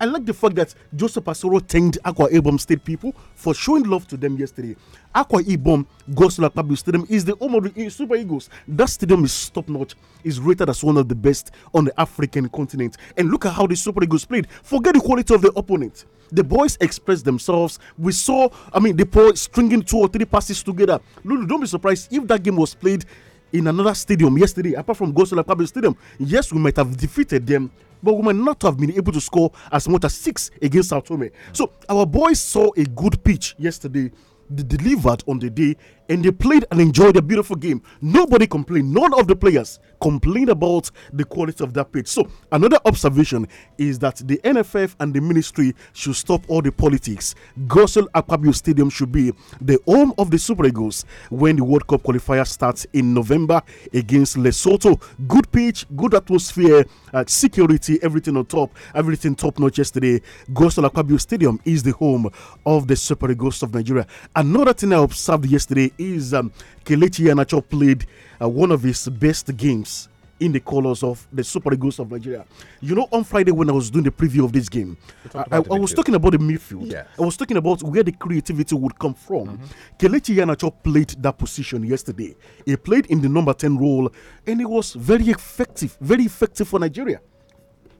I like the fact that Joseph Asoro thanked Aqua Ibom State people for showing love to them yesterday. Aqua Ibom Gospel Akabu Stadium is the home of the Super Eagles. That stadium is top notch, is rated as one of the best on the African continent. And look at how the Super Eagles played. Forget the quality of the opponent. The boys expressed themselves. We saw, I mean, the boys stringing two or three passes together. Lulu, don't be surprised if that game was played in another stadium yesterday, apart from Gosela Kabir Stadium. Yes, we might have defeated them, but we might not have been able to score as much as six against Sao Tome. So our boys saw a good pitch yesterday. They delivered on the day and they played and enjoyed a beautiful game. Nobody complained, none of the players complain about the quality of that pitch. So, another observation is that the NFF and the ministry should stop all the politics. Gosel Akpabio Stadium should be the home of the Super Eagles when the World Cup qualifier starts in November against Lesotho. Good pitch, good atmosphere, uh, security, everything on top, everything top notch yesterday. Gosel Akpabio Stadium is the home of the Super Eagles of Nigeria. Another thing I observed yesterday is um, Kelechi Yannachop played uh, one of his best games in the colors of the Super Eagles of Nigeria. You know, on Friday when I was doing the preview of this game, I, I, I was talking about the midfield. Yes. I was talking about where the creativity would come from. Mm -hmm. Kelechi played that position yesterday. He played in the number 10 role and he was very effective, very effective for Nigeria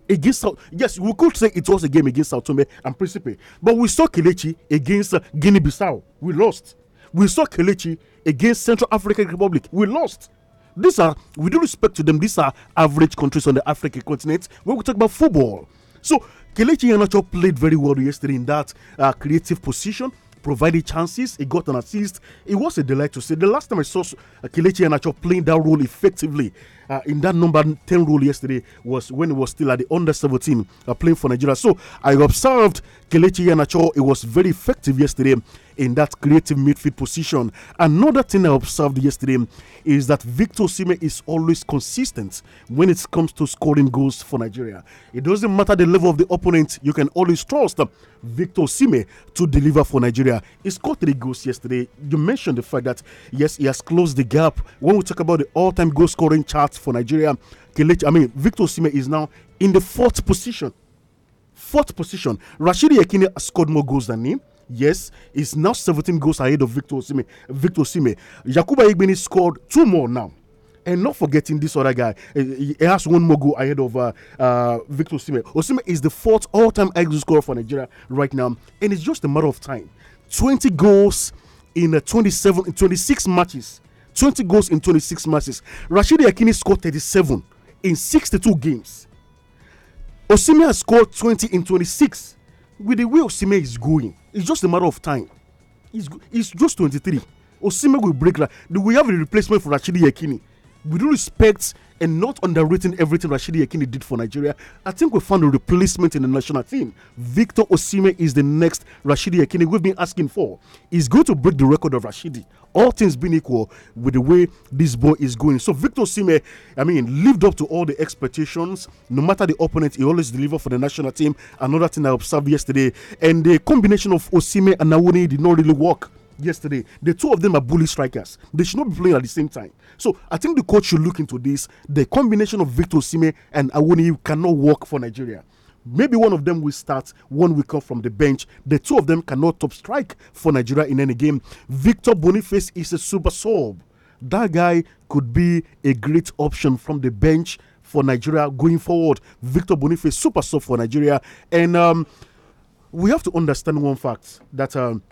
against Yes, we could say it was a game against Sao Tome and Principe, but we saw Kelechi against uh, Guinea Bissau. We lost. We saw Kelechi against Central African Republic. We lost. These are, with due respect to them, these are average countries on the African continent when we talk about football. So, Kelechi Yanacho played very well yesterday in that uh, creative position, provided chances, he got an assist. It was a delight to see. The last time I saw uh, Kelechi Yanacho playing that role effectively, uh, in that number 10 role yesterday was when he was still at the under 17 uh, playing for Nigeria. So I observed Kelechi Yanacho, it was very effective yesterday in that creative midfield position. Another thing I observed yesterday is that Victor Sime is always consistent when it comes to scoring goals for Nigeria. It doesn't matter the level of the opponent, you can always trust Victor Sime to deliver for Nigeria. He scored three goals yesterday. You mentioned the fact that, yes, he has closed the gap. When we talk about the all time goal scoring chart for Nigeria. Kelechi, I mean, Victor Sime is now in the fourth position. Fourth position. Rashidi Ekine scored more goals than him. Yes, he's now 17 goals ahead of Victor Sime. Victor Sime. Yakuba Igbeni scored two more now. And not forgetting this other guy, he has one more goal ahead of uh, uh, Victor Osime. Osime is the fourth all-time goal scorer for Nigeria right now, and it's just a matter of time. 20 goals in uh, 27 in 26 matches 20 goals in 26 matches. Rashidi Akini scored 37 in 62 games. Osimia scored 20 in 26. With the way Osimia is going, it's just a matter of time. It's, it's just 23. Osimia will break. Like, we have a replacement for Rashidi Akini. We do respect and not underwriting everything Rashidi Akini did for Nigeria, I think we found a replacement in the national team. Victor Osime is the next Rashidi Akini we've been asking for. He's going to break the record of Rashidi. All things being equal with the way this boy is going. So Victor Osime, I mean, lived up to all the expectations. No matter the opponent, he always delivered for the national team. Another thing I observed yesterday, and the combination of Osime and Awuni did not really work yesterday. The two of them are bully strikers. They should not be playing at the same time. So I think the coach should look into this. The combination of Victor Sime and Awoni cannot work for Nigeria. Maybe one of them will start, one week off from the bench. The two of them cannot top strike for Nigeria in any game. Victor Boniface is a super sub. That guy could be a great option from the bench for Nigeria going forward. Victor Boniface, super sub for Nigeria. And um, we have to understand one fact that. Um,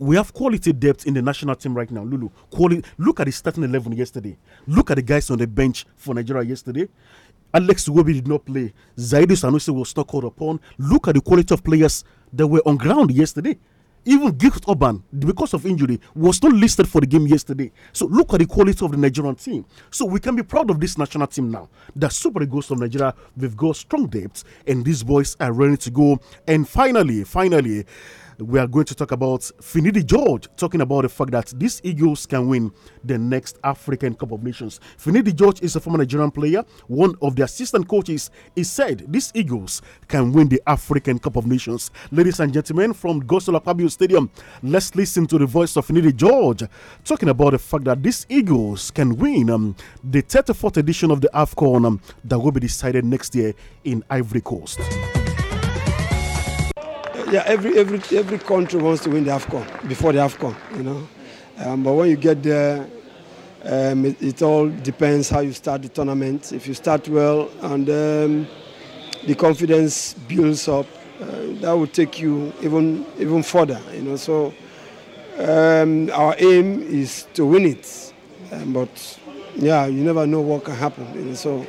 we have quality depth in the national team right now, Lulu. Quality. look at the starting 11 yesterday. Look at the guys on the bench for Nigeria yesterday. Alex Iwobi did not play. Zaidi Sanusi was not called upon. Look at the quality of players that were on ground yesterday. Even Gift Urban, because of injury, was not listed for the game yesterday. So look at the quality of the Nigerian team. So we can be proud of this national team now. The Super Eagles of Nigeria, we've got strong depth, and these boys are ready to go. And finally, finally, we are going to talk about Finidi George talking about the fact that these Eagles can win the next African Cup of Nations. Finidi George is a former Nigerian player, one of the assistant coaches. He said these Eagles can win the African Cup of Nations. Ladies and gentlemen, from Gosol Akpabio Stadium, let's listen to the voice of Finidi George talking about the fact that these Eagles can win um, the 34th edition of the AFCON um, that will be decided next year in Ivory Coast. Yeah, every, every, every country wants to win the AFCON before the AFCON, you know. Um, but when you get there, um, it, it, all depends how you start the tournament. If you start well and um, the confidence builds up, uh, that will take you even even further, you know. So um, our aim is to win it, um, but yeah, you never know what can happen. You know? So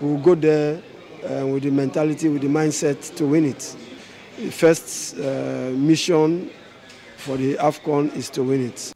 we'll go there uh, with the mentality, with the mindset to win it. The first uh, mission for the AFCON is to win it.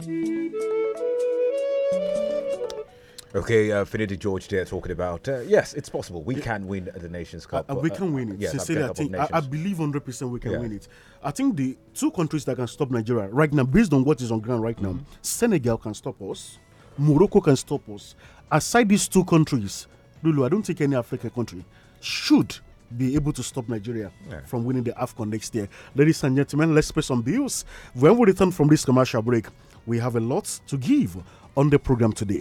Okay, uh, Finidi George there talking about, uh, yes, it's possible. We can win the Nations Cup. Uh, uh we uh, can win it. Sincerely, I, think, I, I, believe 100% we can yeah. win it. I think the two countries that can stop Nigeria right now, based on what is on ground right mm -hmm. now, mm-hmm. Senegal can stop us, Morocco can stop us. Aside these two countries, Lulu, I don't think any African country should be able to stop Nigeria yeah. from winning the AFCON next year. Ladies and gentlemen, let's pay some bills. When we return from this commercial break, we have a lot to give on the program today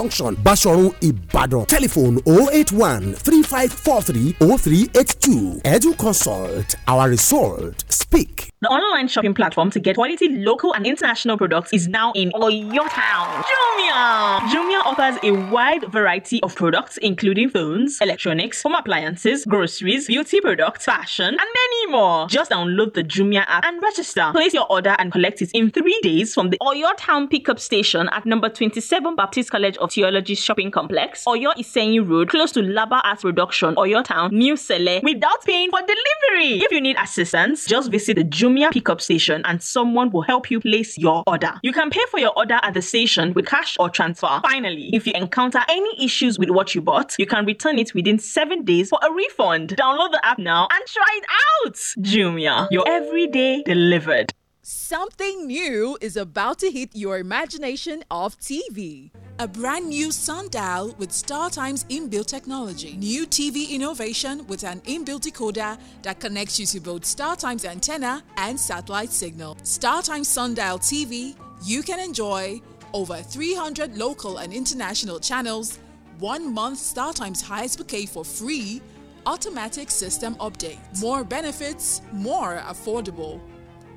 junction Basharun Ibadan. Telephone 081 3543 0382. Edu Consult, our result. Speak. The online shopping platform to get quality local and international products is now in Oyo town. Jumia! Jumia offers a wide variety of products, including phones, electronics, home appliances, groceries, beauty products, fashion, and many more. Just download the Jumia app and register. Place your order and collect it in three days from the Oyo Town pickup station at number 27 Baptist College of Theology Shopping Complex, Oyo Iseni Road, close to Laba Art Production, Oyo Town, New Sele, without paying for delivery. If you need assistance, just visit the Jumia pickup station and someone will help you place your order. You can pay for your order at the station with cash or transfer. Finally, if you encounter any issues with what you bought, you can return it within seven days for a refund. Download the app now and try it out! Jumia, your everyday delivered. Something new is about to hit your imagination of TV. A brand new sundial with StarTime's inbuilt technology. New TV innovation with an inbuilt decoder that connects you to both StarTime's antenna and satellite signal. StarTimes Sundial TV, you can enjoy over 300 local and international channels, one month StarTime's highest bouquet for free, automatic system update. More benefits, more affordable.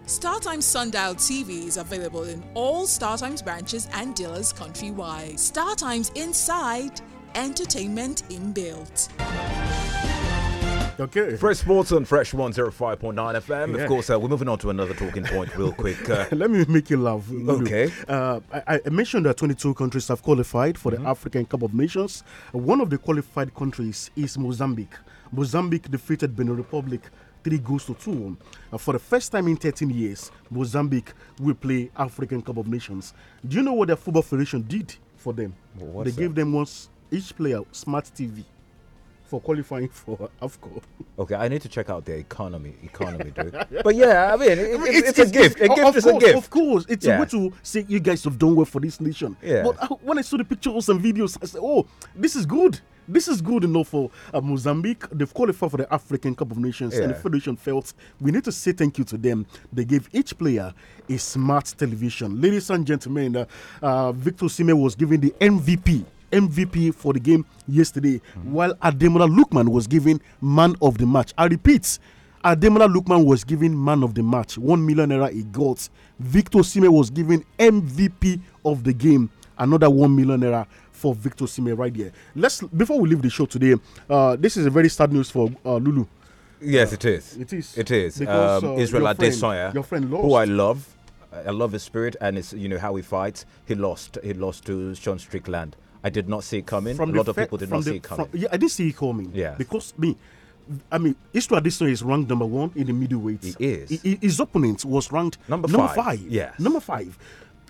StarTimes Sundial TV is available in all StarTimes branches and dealers countrywide. StarTimes Inside, entertainment inbuilt. Okay. Fresh Sports on Fresh 105.9 FM. Yeah. Of course, uh, we're moving on to another talking point real quick. Uh, Let me make you laugh. Okay. Uh, I, I, mentioned that 22 countries have qualified for mm -hmm. the mm-hmm. African Cup of Nations. One of the qualified countries is Mozambique. Mozambique defeated Benin Republic three goals to two. and uh, for the first time in 13 years, Mozambique will play African Cup of Nations. Do you know what the Football Federation did for them? they that? gave them once each player smart TV for qualifying for AFCO. Okay, I need to check out the economy, economy, dude. but yeah, I mean, it, it's, it's, it's, a gift. A gift course, is a gift. Of course, it's yeah. a way to say you guys have done well for this nation. Yeah. But uh, when I saw the pictures and videos, I said, "Oh, this is good." This is good enough for uh, Mozambique. They've qualified for the African Cup of Nations, yeah. and the Federation felt we need to say thank you to them. They gave each player a smart television. Ladies and gentlemen, uh, uh, Victor Sime was given the MVP. MVP for the game yesterday, mm. while Ademola Lukman was given man of the match. I repeat, Ademola Lukman was given man of the match, one million naira he got. Victor Sime was given MVP of the game, another one million naira for Victor Sime right there. Let's before we leave the show today. Uh, this is a very sad news for uh, Lulu. Yes, it is. It is. It is. Because, um, uh, Israel Adesanya, your friend, lost. who I love, I love his spirit and it's you know how he fights. He lost. He lost to Sean Strickland. I did not see it coming. From a lot of people did not the, see it coming. From, yeah, I did see it coming. Yeah, because me. I mean, Israel Adesanya is ranked number one in the middleweight. He is. He, his opponent was ranked number, number five. five. Number five.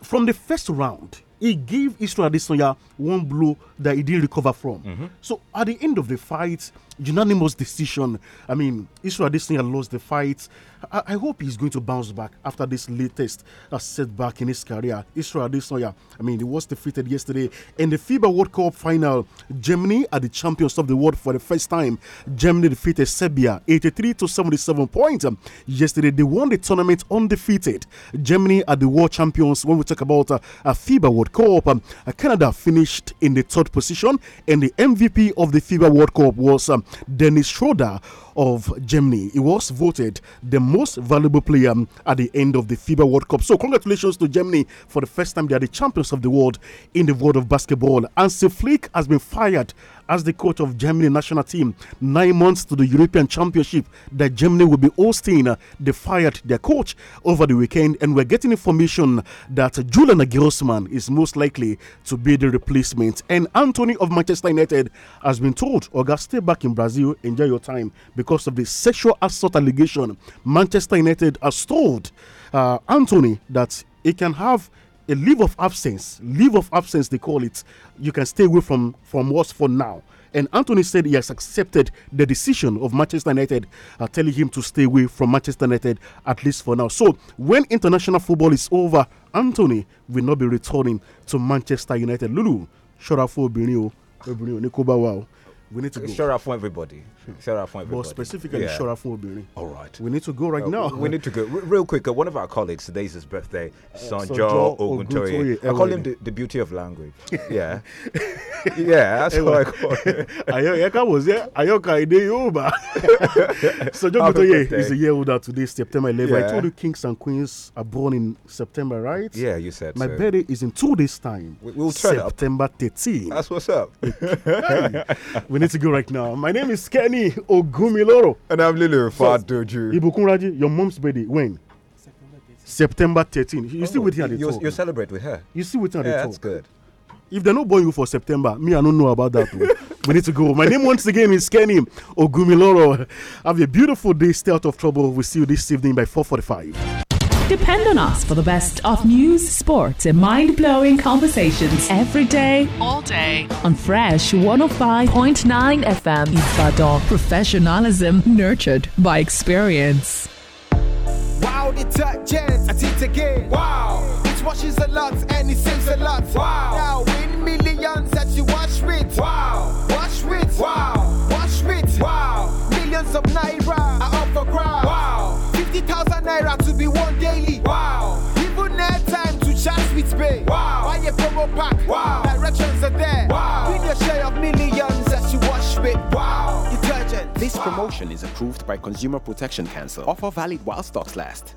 From the first round, he gave Israel Adesanya one blow that he didn't recover from. Mm -hmm. So at the end of the fight, unanimous decision. I mean, Israel Adesanya lost the fight. I, I, hope he's going to bounce back after this latest uh, setback in his career. Israel Adesanya, I mean, he was defeated yesterday in the FIBA World Cup final. Germany are the champions of the world for the first time. Germany defeated Serbia 83 to 77 points um, yesterday. They won the tournament undefeated. Germany are the world champions when we talk about uh, a FIBA World Cup. Um, Canada finished in the third position, and the MVP of the FIBA World Cup was. Um, Dennis Schroeder of Germany. He was voted the most valuable player at the end of the FIBA World Cup. So, congratulations to Germany for the first time they are the champions of the world in the world of basketball. And Flick has been fired as the coach of Germany national team. Nine months to the European Championship that Germany will be hosting. they fired their coach over the weekend, and we're getting information that Julian Grossman is most likely to be the replacement. And Anthony of Manchester United has been told, Auguste, stay back in Brazil, enjoy your time. Because because of the sexual assault allegation. Manchester United has told uh, Anthony that he can have a leave of absence. Leave of absence, they call it. You can stay away from from us for now. And Anthony said he has accepted the decision of Manchester United, uh, telling him to stay away from Manchester United at least for now. So when international football is over, Anthony will not be returning to Manchester United. Lulu, ṣọ́ra fún obìnrin o, obìnrin we need to go. Ṣọ́ra for everybody. Ṣọ́ra for everybody. But specifically, yeah. ṣọ́ra fún obìnrin. All right. We need to go right uh, now. We need to go. Real quick, uh, one of our colleagues, today is his birthday, uh, Sanjo Oguntoye. I call him the, the beauty of language. yeah. yeah, that's what I call him. Ayọ̀ká was there. Ayọ̀ká Ide Yoruba. Sanjo Oguntoye is a year older today, September 11. Yeah. I told you kings and queens are born in September, right? Yeah, you said My so. birthday is in two days' time. We, will try September 13. That's what's up. we need to go right now. My name is Kenny Ogumiloro. And I'm Lily Fadoju. So, Ibukunraji, your mom's birthday, when? September 13. You oh, see what You celebrate with her. You see what yeah, they talk. That's good. If they're not born you for September, me, I don't know about that. we need to go. My name once again is Kenny Ogumiloro. Have a beautiful day. Stay out of trouble. We'll see you this evening by 4.45. Depend on us for the best of news, sports, and mind blowing conversations every day, all day on Fresh 105.9 FM. Ibadan. Professionalism nurtured by experience. Wow, the touches, I it again. Wow, it washes a lot and it saves a lot. Wow, now win millions that you watch with. Wow, watch with. Wow, watch with. Wow, millions of nights. 50,000 naira to be won daily. Wow. time to chat with pay. Wow. Buy promo pack. Wow. Directions are there. Wow. Win your share of millions as you wash with. Wow. Detergent. This wow. promotion is approved by Consumer Protection Council. Offer valid while stocks last.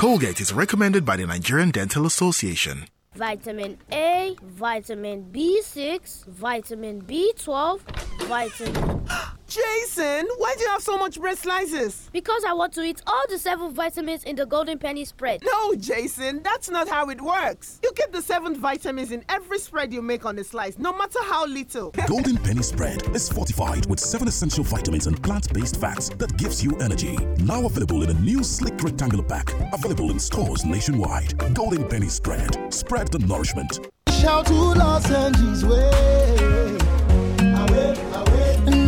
Colgate is recommended by the Nigerian Dental Association. Vitamin A, vitamin B6, vitamin B12, vitamin Jason, why do you have so much bread slices? Because I want to eat all the seven vitamins in the golden penny spread. No, Jason, that's not how it works. You get the seven vitamins in every spread you make on a slice, no matter how little. golden penny spread is fortified with seven essential vitamins and plant-based fats that gives you energy. Now available in a new sleek rectangular pack, available in stores nationwide. Golden penny spread. Spread the nourishment. Shout to Los Angeles way.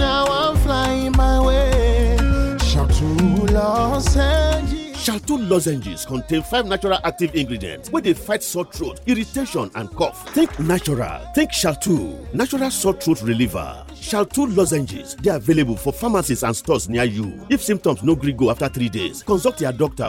now I'm flying my way. Chateau Lozenges. Chateau lozenges contain five natural active ingredients where they fight sore throat, irritation, and cough. Think natural. Think Chateau. Natural sore throat reliever. Chateau lozenges. They are available for pharmacies and stores near you. If symptoms no gree after three days, consult your doctor.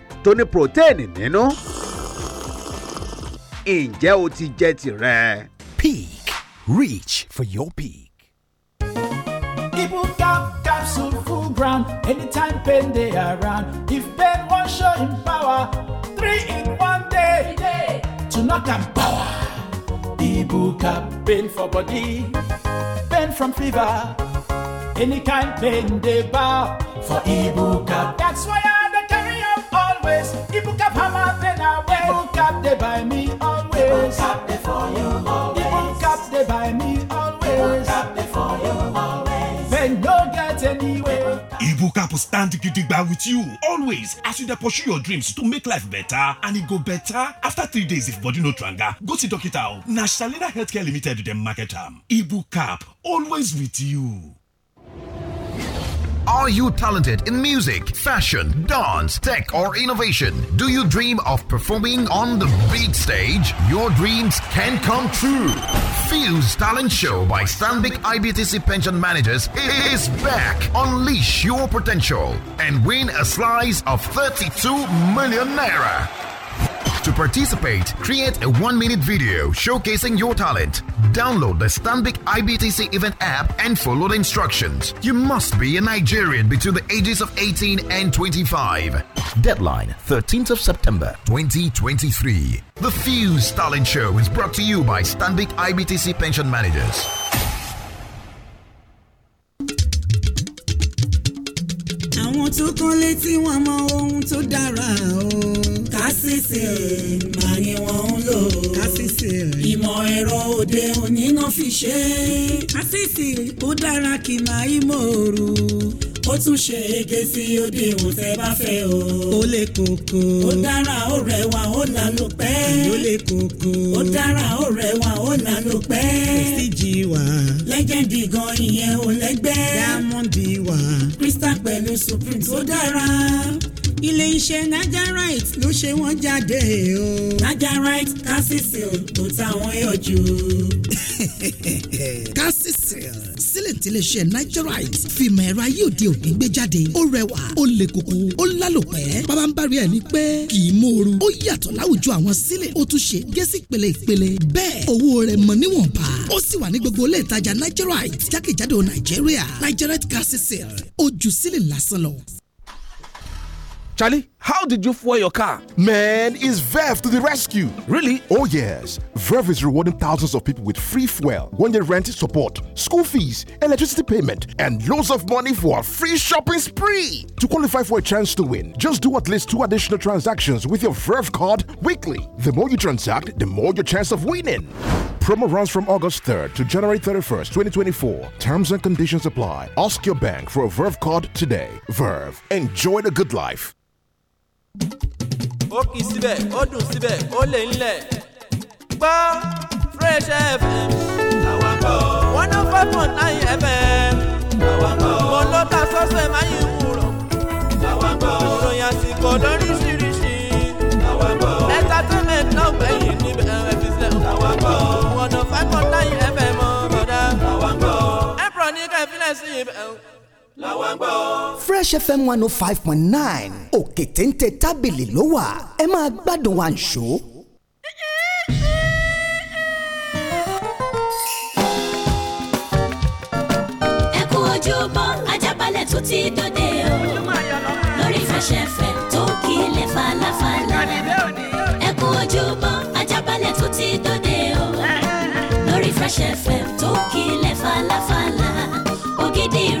tó ní protein nínú. ǹjẹ́ o ti jẹ tirẹ̀? Peak reach for your peak. Ibucap capsule full ground anytime pain dey around if pain wan show im power three in one day to knock am power. Ibucap pain for body pain from fever any kind pain dey bow for Ibucap. That's why I always. Ibu cap am out then away. Ibu cap they buy me always. Ibu cap they for you always. Ibu cap they buy me always. Ibu cap they for you always. Then no get anywhere. Ibu cap will stand gidigba with you always as you pursue your dreams to make life better and it e go better after three days if body no tranga go see dokita o na shalina healthcare limited dey market am. Ibu cap always with you. Are you talented in music, fashion, dance, tech, or innovation? Do you dream of performing on the big stage? Your dreams can come true. Fuse Talent Show by Stanbic IBTC Pension Managers is back. Unleash your potential and win a slice of 32 million naira. To participate, create a one minute video showcasing your talent. Download the Stanbic IBTC event app and follow the instructions. You must be a Nigerian between the ages of 18 and 25. Deadline 13th of September 2023. The Fuse Talent Show is brought to you by Stanbic IBTC Pension Managers. àwọn tó kán létí wọn mọ ohun tó dára o. kásìsì màá ni wọ́n ń lò. kásìsì ìmọ̀ ẹ̀rọ òde òní náà fi ṣe. kásìsì ó dára kì máa í mòrú ó tún ṣe ege sí odi ìwò tẹ bá fẹ́ o. ó lè kókó. ó dára ó rẹwà ó lànà pẹ́. ó lè kókó. ó dára ó rẹwà ó lànà pẹ́. prestige wà. lẹ́gẹ̀dì gan ìyẹn ò lẹ́gbẹ́. diamond wà. crystal pẹ̀lú supreme tó dára ilé iṣẹ́ Nigerite ló ṣe wọ́n jáde o. Nigerite calcium kò táwọn yọjú. steel sílẹ̀ tí iléeṣẹ́ nigerite fìmọ̀ ẹ̀rọ ayé òde òní gbé jáde ó rẹwà ó le koko ó lálòpẹ́ bàbá ń bari ẹ̀ ní pẹ́ kì í mòoru ó yàtọ̀ láwùjọ àwọn sílẹ̀ ó tún ṣe gẹ́sì pèlè ìpèlè bẹ́ẹ̀ owó rẹ̀ mọ̀ níwọ̀nba ó sì wà ní gbogbo ilé ìtajà nigerite jákèjádò nàìjíríà nigerite gas sale ó ju sílẹ̀ lásán lọ Charlie, how did you fuel your car? Man, it's Verve to the rescue. Really? Oh, yes. Verve is rewarding thousands of people with free fuel, one year rent support, school fees, electricity payment, and loads of money for a free shopping spree. To qualify for a chance to win, just do at least two additional transactions with your Verve card weekly. The more you transact, the more your chance of winning. Promo runs from August 3rd to January 31st, 2024. Terms and conditions apply. Ask your bank for a Verve card today. Verve, enjoy the good life. ó kì í síbẹ̀ ó dùn síbẹ̀ ó lè ńlẹ̀ gbọ́ fresh fm àwọn kọ́ one oh five point nine fm àwọn kọ́ mo ló ta sọ́sẹ̀ máa yin wúrọ̀ àwọn kọ́ ìròyìn àsìkò lóríṣiríṣi àwọn kọ́ entertainment náà gbẹ̀yìn níbẹ̀ ẹ̀ fi sẹ́ àwọn kọ́ one oh five point nine fm ọ̀bọ̀dá àwọn kọ́ ẹ̀ pọ̀ ní kẹ́fílẹ̀ sí ibẹ̀ làwọn gbọ́. fresh fm one oh five point nine òkè téńté tábìlì ló wà ẹ máa gbádùn àǹṣó. ẹ ojúbọ ajábalẹ̀ tó ti dòde o lórí fresh fm tó kílẹ̀ falafala ẹ kú ojúbọ ajábalẹ̀ tó ti dòde o lórí fresh fm tó kílẹ̀ falafala ògidì rẹ.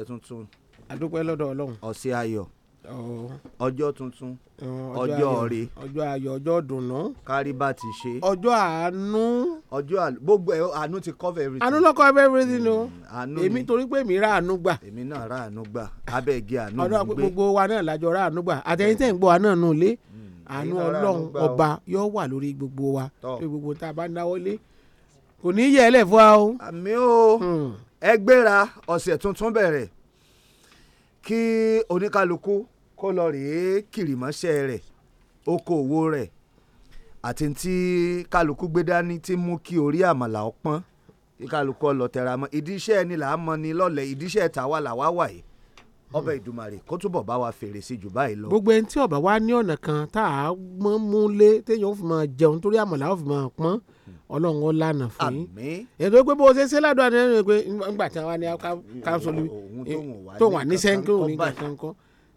ọ̀sẹ̀ tuntun. àdúpẹ́ lọ́dọ̀ ọlọ́run. ọ̀sẹ̀ ayọ̀ ọjọ́ tuntun ọjọ́ ọ̀rẹ́ ọjọ́ ayọ̀ ọjọ́ dùnú. kárí bá ti ṣe. ọjọ́ àánú. ọjọ́ gbogbo ẹ àánú ti cover everything. àánú ló cover everything o. Mm, àánú ni èmi torí pé èmi rà àánú gbà. èmi náà rà àánú gbà abẹ́ igi àánú gbé. ọdún gbogbo wa náà lájọ rà àánú gbà àtẹ̀yìn tẹ̀ ń gbọ́ mm, àánú nù lé àánú ọlọ́run ọba yóò wà lórí gbogbo wa lórí gbogbo tá a bá náwó lé kò ní yẹ ẹ lẹ̀ o. àmì o. Hmm ẹ gbéra ọ̀sẹ̀ tuntun bẹ̀rẹ̀ kí oníkálukú kó lọ rèé kìrìmọ́ṣẹ́ rẹ̀ okòwò rẹ̀ àti tí kálukú gbé dání tí mú kí orí àmàlà ọpọ́n kí kálukú ọ lọ tẹra mọ́ ìdíṣẹ́ ẹni là á mọ ni lọ́lẹ̀ ìdíṣẹ́ tàwa làwa wà yìí ọbẹ̀ ìdùmarè kó túbọ̀ bá wa fèrè sí jù báyìí lọ. gbogbo ẹni tí ọba wa ní ọ̀nà kan tá a mọ̀ múlé téèyàn ó fi máa jẹun torí àmàlà ó fi máa pọ́n ọlọ́run ó lànà fún yín ètò pé bó ṣe ṣe ládùúgbò àti ẹni pé ńgbà tí wọn ní káńsọlù tó wà ní sẹ́ńkì òní kankan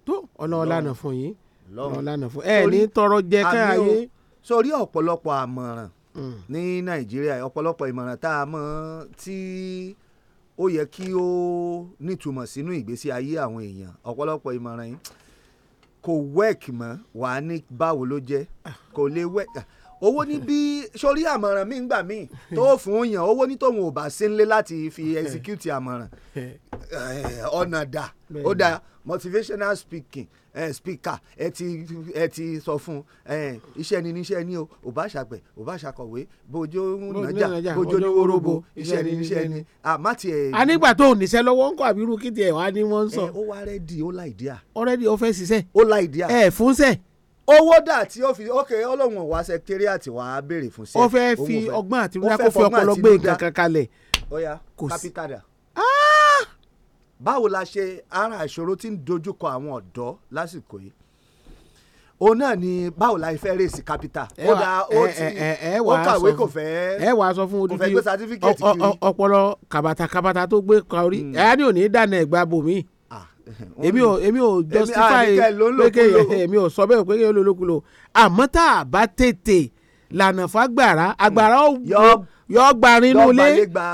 tó ọlọ́run lànà fún yín ọlọ́run lànà fún ẹ ní tọrọ jẹ káyé. sórí ọ̀pọ̀lọpọ̀ àmọ̀ràn mm. ní nàìjíríà ọ̀pọ̀lọpọ̀ ìmọ̀ràn tá a mọ̀ tí ó yẹ kí ó nítumọ̀ sínú ìgbésí ayé àwọn èèyàn ọ̀pọ̀lọpọ̀ ìmọ̀ràn yìí kò wẹ́ẹ̀kì mọ́ wàá ní báwo ló jẹ́ ah. kò lè wẹ́ẹ̀kì owó ní bí sórí àmọ̀ràn mi ń gbà mí tó fún yàn owó ní tòun ò bá sí nílé láti fi execute àmọ̀ràn eh, ọ̀nà dà ó dà motivational speaking eh, speaker ẹ ti ẹ ti sọ fún eh, iṣẹ́ ni níṣẹ́ ni o ò bá ṣàgbẹ̀ ò bá ṣàkọ̀wé bójó nàjà bójó ní wóróbo iṣẹ́ ni níṣẹ́ ni àmọ́ ah, ti ẹ̀. a nígbà tó ò níṣẹ́ lọ́wọ́ ń kọ́ àbírú kí tiẹ̀ wá ní wọ́n ń sọ. Eh, ó wá rẹ́dì ó láìdíà. ọ̀rẹ́dì ó fẹ́ ṣiṣẹ́. ó láìdíà. ẹ̀ fúnṣẹ́ owó dà tí ó fi ókè ọlọ́run ọ̀wá sẹkítẹ́rìàtì wà á béèrè fún sí. ó fẹ́ fi ọgbọ́n àtinúdá kó fi ọpọlọ gbé nǹkan kan kalẹ̀. ó yá capital dà. Ah! báwo la ṣe ara ìṣòro tí ń dojúkọ àwọn ọ̀dọ́ lásìkò yìí òun náà ni báwo la fẹ́ rèsì capital. ó da ó ti ó kàwé kò fẹ́ ẹ wàá sọ fún odidi ọpọlọ kàbàtàkàbàtà tó gbé kọrí ẹ á ní òní dànù ẹgbàá bòmíì èmi ò èmi ò ah, justify pékè èmi ò sọ bẹ́ẹ̀ pékè olólùkulò àmọ́ tá a bá tètè lànà fàgbàrá àgbàrá yọ gbarin inú ilé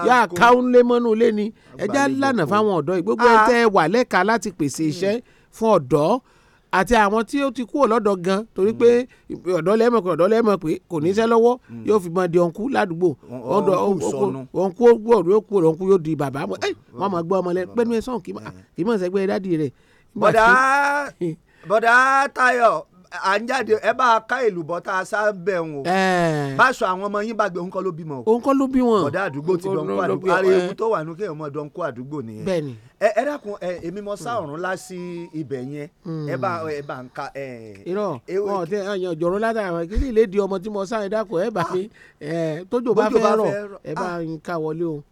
yọ àkáwọn ilé mọ́nú ilé ni ẹja lànà fáwọn ọ̀dọ́ ìgbógun ẹ̀ ah. tẹ́ wà lẹ́ka láti pèsè iṣẹ́ mm. fún ọ̀dọ́ àti àwọn tí ó ti kúrò lọ́dọ̀ gan torí mm. pé ọ̀dọ́ lẹ́mọ̀ pé ọ̀dọ́ lẹ́mọ̀ pé kò níṣẹ́ mm. lọ́wọ́ mm. yóò fi mọ di ọ̀nkú ládùúgbò ọ̀dọ̀ ọ̀nkú ọ̀dọ̀ yóò kúrò ọ̀nkú yóò di bàbá ẹ̀ wọ́n mọ̀ gbọ́ ọmọ lẹ́nu pẹ́ẹ́nu ẹ̀ sàn kì í mọ̀ sẹ́gbẹ́ dádì rẹ̀. bọ̀dá bọ̀dá Táyọ̀ à ń jáde ẹ bá a ká èlùbọ́ tá o. báṣọ àwọn ọmọ yín bá gbé òun kọ́ ló bí wọn. kọ́ ló wọn. ọ̀dà àdúgbò ti dọ̀nkú àdúgbò ara ewu tó wà nùkẹ́ ọmọ dọ̀nkú àdúgbò nìyẹn. ẹ ẹ dákun ẹ èmi mọ sá lá sí ibẹ̀ yẹn ẹ bá hmm. ẹ bá ń ẹ dákun ẹ bá bá ẹ bá ń ah. wọlé o.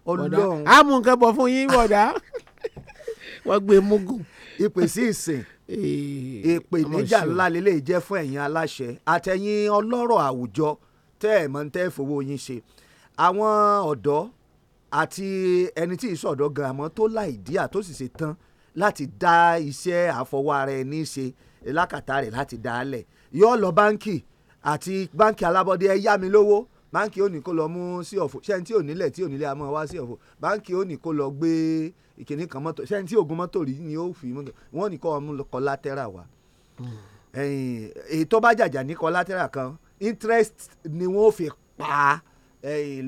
ìpèníjà ńlá lélẹ̀ jẹ́ fún ẹ̀yin aláṣẹ àtẹ̀yin ọlọ́rọ̀ àwùjọ tẹ́ ẹ̀ mọ́ tẹ́ fowó yín ṣe àwọn ọ̀dọ́ àti ẹni tí ìsọ̀dọ̀ gan àmọ́ tó láìdíà tó sì ṣe tán láti dá iṣẹ́ àfọwọ́ ara ẹni ṣe lákàtà rẹ̀ láti dá a lẹ̀ yóò lọ báńkì àti báńkì alábọ́dé ẹ yá mi lówó báńkì ò ní kó lọ mú sí ọ̀fọ̀ ṣẹ́ni tí ò nílẹ̀ tí ò nílẹ̀ àmọ́ wá sí ọ̀fọ̀ báńkì ò ní lọ gbé ìkíní kan mọ́tò ṣé tí oògùn mọ́tò rí ni ó fi mọ́tò wọ́n ní kọ́ ọmú kọ́látẹ́rà wá hmm. èyí tó bá jàjà ní kọ́látẹ́rà kan interest ni wọ́n fi pa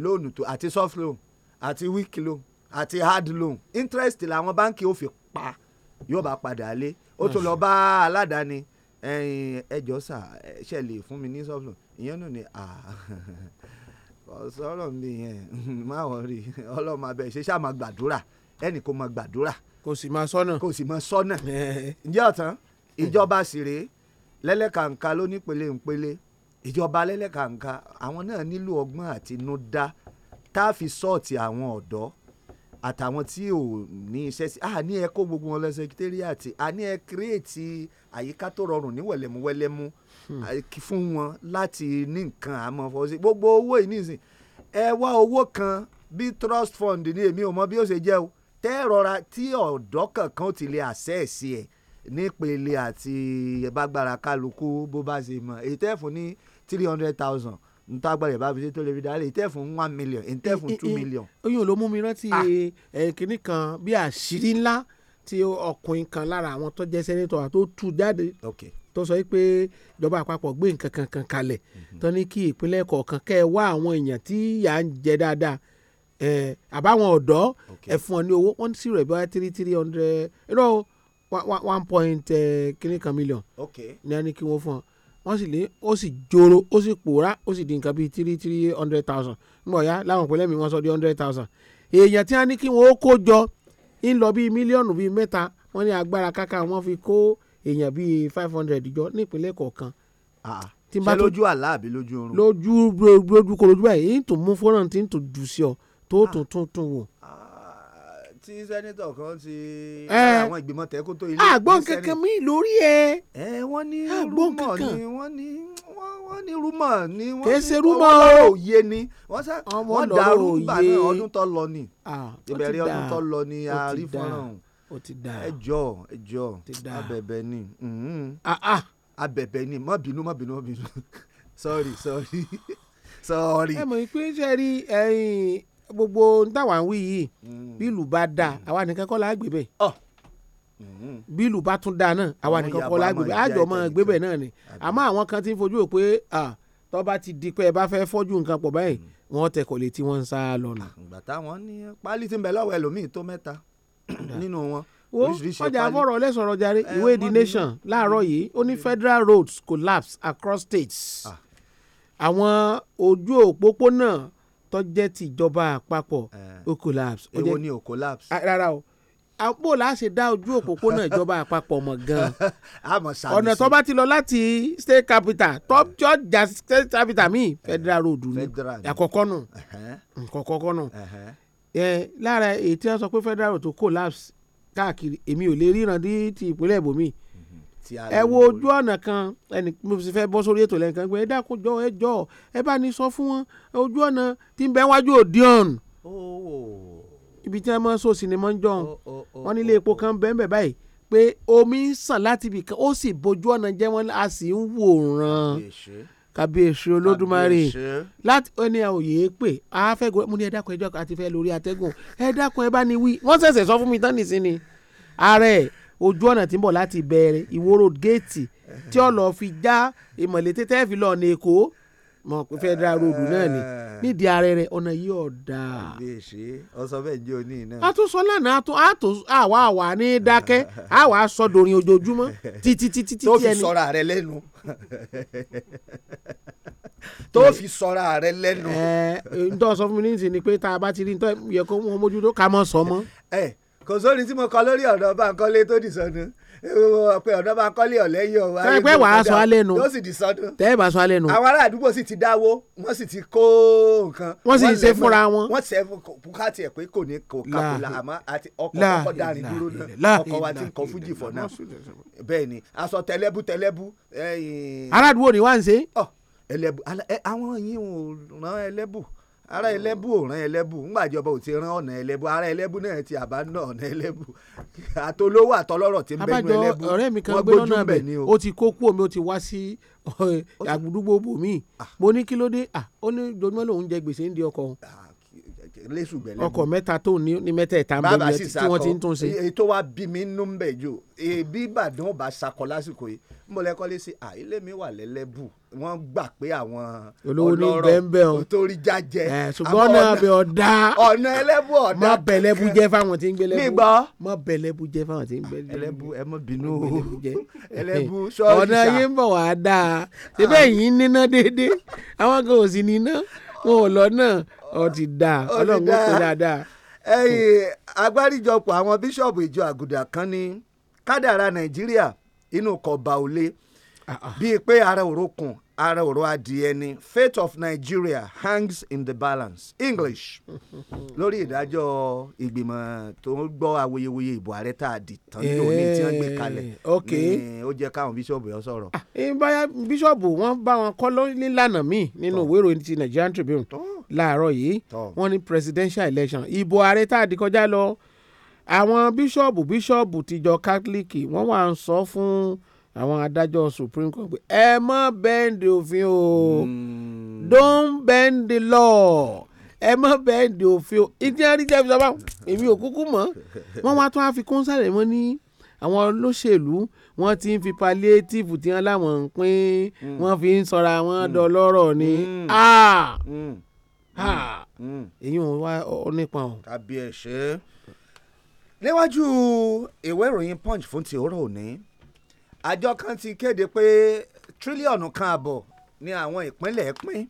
loan tó àti soft loan àti weak loan àti hard loan interest làwọn báńkì ó fi pa yóò bá padà lé ó tún lọ hmm. bá aládàáni ẹjọ́ sà ṣe lè fún mi ní soft loan ìyẹn náà ni sọ̀rọ̀ mi yẹn máa wọ̀ rí ọlọ́mọ abẹ́ ṣe ṣáà gbàdúrà ẹnì kò mọ gbàdúrà. kò sì máa sọ́nà. kò sì máa sọ́nà. ǹjẹ́ ọ̀tán ìjọba sì rèé lẹ́lẹ́kàǹkà ló nípele ńpele ìjọba lẹ́lẹ́kàǹkà àwọn náà nílò ọgbọ́n àtinúdá tá a fi sọ́ọ̀tì àwọn ọ̀dọ́ àtàwọn tí ò ní iṣẹ́ sí a ní ẹ kó gbogbo wọn lọ sẹkítẹ́rìàtì a ní ẹ kírèètì àyíká tó rọrùn ní wẹ̀lẹ́múwẹ́lẹ́mú hmm. fún wọn láti ní nǹkan àmọ́ fọwọ́sí gbogbo owó yìí ẹ wá owó kan bí trust fund ní èmi ò mọ bí ó ṣe jẹ́ o tẹ́ rọra tí ọ̀dọ́ kankan ti lè àṣẹ́ẹ̀sì ẹ̀ nípele àti bágbára kálukú bó bá ṣe mọ̀ èyí tẹ́ ní three hundred thousand ntagbara ìbá fi ṣe fi dáhùn ìtẹ́ one million ìtẹ́ two million. oyún ló mú mi rántí ah. kínní kan bí àṣírí ńlá tí ọkùnrin kan lára àwọn tó jẹ́ sẹ́nitọ̀ tó tú jáde tó sọ pé ìjọba àpapọ̀ gbé nǹkan kankan kalẹ̀ mhm. tó ní kí ìpínlẹ̀ kọ̀ọ̀kan kẹ́ ẹ wá àwọn èèyàn tí ìyà ń jẹ dáadáa àbáwọn ọ̀dọ́ ẹ̀fún ọ ní owó wọ́n sì rẹ̀ bí three three hundred you know one point kìíní kan million ní ẹni kí wọ́n fún ọ wọ́n sì lé ó sì joro ó sì pòórá ó sì di nǹkan bíi three three hundred thousand nígbà ọ̀yá láwọn ìpínlẹ̀ mi wọ́n sọ di hundred thousand èèyàn tí wọ́n ní kí wọ́n kó jọ ń lọ bíi mílíọ̀nù bíi mẹ́ta wọ́n ní agbára káká wọ́n fi kó èèyàn bíi five hundred jọ ní ìpínlẹ̀ kọ̀ọ̀kan. Ah, ah. ṣé lójú àlá àbí lójú oorun. lójú lójú kò lójú báyìí ń tún mú fọ́nrán tí ń tún jù sí ọ tó ah. tún tuntun wò. Ah, tí sẹ́nitọ̀ kan ti eh. àwọn ìgbìmọ̀ tẹ́kó tó ilé. àgbọn kankan mi lórí ẹ. ẹ eh, wọ́n ní ah, rúmọ̀ ni wọ́n ní wọ́n ní rúmọ̀ ni wọ́n ní kèsè rúmọ̀ òye ni wọ́n sá wọ́n dàrú ìbànú ọdún tó lọ ni ìbẹ̀rẹ̀ ọdún tó lọ ni a rí fọ́nrán ọ̀hún ó ti da ẹ jọ ẹ jọ abẹ̀bẹ̀ ni mm-hmm. abẹ̀bẹ̀ ni má bínú má bínú má bínú sorry sorry sorry. ẹ mọ̀ pé ṣe rí ẹyin gbogbo táwa ń wí yìí mm. bílù bá dáa mm. àwa nìkan kọ́ la gbé bẹ̀ oh. mm-hmm. bílù bá tún dáa náà àwa nìkan kọ́ la gbé bẹ̀ àjọ ọmọ gbé bẹ̀ náà ni àmọ́ àwọn kan ti ń fojú rò pé tó bá ti di pé ẹ bá fẹ́ fọ́jú nǹkan pọ̀ báyìí mm. wọ́n tẹ̀kọ̀ létí wọ́n ń sá lọ́nà. ìgbà táwọn ní páálí tí ń bẹ lọ́wọ́ ẹlòmíì tó mẹ́ta nínú wọn wo ọjà afọrọ lẹsọrọ jàre eh, ìwé the nation láàárọ̀ yìí ó ní federal roads collapse across states ah. àwọn ojú òpópónà tó jẹ́ tìjọba àpapọ̀ o collapse. èwo ni ó collapse. rárá o àpò láṣẹ dá ojú òpópónà ìjọba àpapọ̀ mọ̀ gan-an ọ̀nà tó bá ti lọ láti state capital top church ja state capital mi federal road ni àkọ́kọ́ nù àkọ́kọ́ nù lára èyí tí wọ́n sọ pé federal road tó collapse káàkiri èmi ò lè ríran ní ti ìpínlẹ̀ ibòmíì ẹ wo ojú ọ̀nà kan ẹni mo sì fẹ́ bọ́ sórí ètò lẹ́nìkan pé ẹ dákun jọ ẹ jọ ẹ bá ní sọ fún wọn ojú ọ̀nà tí ń bẹ wájú Odeon oh, oh. ibi tí wọ́n máa ń so sinimá ń jọun oh, wọ́n nílé epo kan bẹ́ẹ̀ bẹ́ẹ̀ báyìí pé omi ń sàn láti ibì kan ó sì bójú ọ̀nà jẹ́ wọ́n a sì ń wòran kàbíyèsí olódùmarè láti ẹni òye pé a fẹ́ gbọ́ mo ní ẹ dákun ẹjọ́ àti fẹ́ lórí atẹ́gùn ẹ dákun ẹ bá ní wí wọ́n ṣẹ̀ṣẹ̀ sọ fún mi tán nìsín ni ààrẹ ojú ọ̀nà tí ń bọ̀ láti bẹ̀rẹ̀ ìwó road gate tí ó lọ fi já ìmọ̀lété tẹ́ fi lọ́ọ̀nà èkó mọ̀ pé federal road náà ni eh. nídìí ààrẹ rẹ̀ ọ̀nà yìí ọ̀dà. àbíyèsí ọsọ bẹ́ẹ̀ jẹ́ òní náà. a tún sọ lánàá a tún a tún àwa àwa ní dákẹ́ àwa sọ ojoojúmọ́ títí títí títí ẹni. tó fi sọra rẹ lẹ́nu tó fi sọra rẹ lẹ́nu. ẹ ǹ tó sọ fún mi ní ìsìn ni pé tá a bá ti rí ǹ tó yẹ kó wọn mójútó ká mọ̀ sọ mọ́. ẹ eh, kò sóni tí mo kọ lórí ọ̀dọ̀ Bánkọ́lé tó di sọnù pé ọ̀dọ̀ Bánkọ́lé ọ̀lẹ́yìn ọ̀wá. tẹ́ pẹ́ wàá sọ alẹ́ nu yóò sì di sọdún. tẹ́ ẹ bá sọ alẹ́ nu. àwọn ará àdúgbò sì ti dáwó wọ́n sì ti kó nǹkan. wọ́n sì ṣe fúnra wọn. wọ́n ṣe bukati ẹ̀ pé kò ní kò kápẹ́lá àmọ́ àti ọkọ̀ ọkọ̀ darin dúró náà ọkọ̀ wa ti kọ fújì fọ̀ náà bẹ́ẹ̀ ni aṣọ tẹlẹ́bù tẹlẹ́bù. ará àdúgbò ni wá ń ṣe. ẹlẹ́bù ara ẹlẹ́bù ò rán ẹlẹ́bù ńgbàjọba ò ti rán ọ̀nà ẹlẹ́bù ara ẹlẹ́bù náà ti àbá náà ọ̀nà ẹlẹ́bù àtolówó àtọlọ́rọ̀ ti ń bẹ́nu ẹlẹ́bù ọ̀rẹ́ mi kan gbé lọ́nà bẹ̀ ó ti kó kú omi ó ti wá sí eh, àgbùdúgbò bòmíì ah. mo ní kí ló dé ah, ó ní dojúmọ́ lòún jẹ gbèsè ń di ọkọ̀ lẹ́sùgbẹ́lẹ́. ọkọ̀ mẹ́ta tó ní ní mẹ́tẹ̀ẹ̀ta ń bẹ tí wọ́n ti ń tún ṣe. èyí tó wá bí mi nú ń bẹ̀ jù bí Ìbàdàn ò bá sakọ lásìkò yìí mo lẹ́kọ́ lé sí àìlè mi wà lẹ́lẹ́bù wọ́n gbà pé àwọn ọlọ́rọ̀ torí jájẹ. ṣùgbọ́n náà bẹ ọ̀dà ọ̀nà ẹlẹ́bù ọ̀dà. má bẹ̀lẹ́bù jẹ́ fáwọn tí ń gbé lẹ́bù. nígbà má bẹ̀lẹ́bù jẹ́ fáwọn tí ń gbé lẹ́bù. ẹlẹ́bù ẹ mọ̀ bínú ẹlẹ́bù sọ́ọ̀rì sá. ọ̀nà yìí ń bọ̀ wá dáa ṣé bẹ́ẹ̀ yìí níná déédéé àwọn kan ò sì níná wọn ò lọ náà ọ ti da ọlọ́run ó pè dáadáa. ẹ̀yin agbáríjọpọ̀ àwọn bíṣọ̀bù ìjọ àgùdà kan ní kádàrá nàìjíríà inú kọba òlé ah, ah. bíi pé ara òrokùn ara ọ̀rọ̀ adìẹ ni fate of Nigeria hangs in the balance English lórí ìdájọ́ ìgbìmọ̀ tó ń gbọ́ awuyewuye ìbò ààrẹ tá a dì tán ní òní tí wọ́n gbé eh, kalẹ̀ ní ó jẹ́ káwọn bíṣọ̀bù yọ sọ̀rọ̀. Ah, eh, báyà bíṣọ̀bù wọn bá wọn kọ́ nílànà míì nínú ìwé ìròyìn ti Nigerian Tribune láàárọ̀ yìí wọ́n ní presidential election ìbò ààrẹ tá a dì kọjá lọ àwọn bíṣọ̀bù bíṣọ̀bù tìjọ Catholic wọ́n wà ń sọ fún àwọn adájọ́ supreme court pé ẹ má bend òfin o hmm. don't bend the law ẹ má bend òfin o ìdíyàrí jẹ́ ìjọba èmi ò kúkú mọ̀ wọ́n wá tún á fi kún sálẹ̀ mọ́ ní àwọn olóṣèlú wọ́n ti ń fi palliative tí wọ́n láwọn ń pín hmm. wọ́n fi ń sọra wọn hmm. dọlọ́rọ̀ ni èyí ò wá ọ nípa o. tàbí ẹ ṣe é léwájú ìwé ìròyìn punch fún ti òórọ̀ òní àjọ kan ti kéde pé tírílíọ̀nù kan àbọ̀ ni àwọn ìpínlẹ̀ pín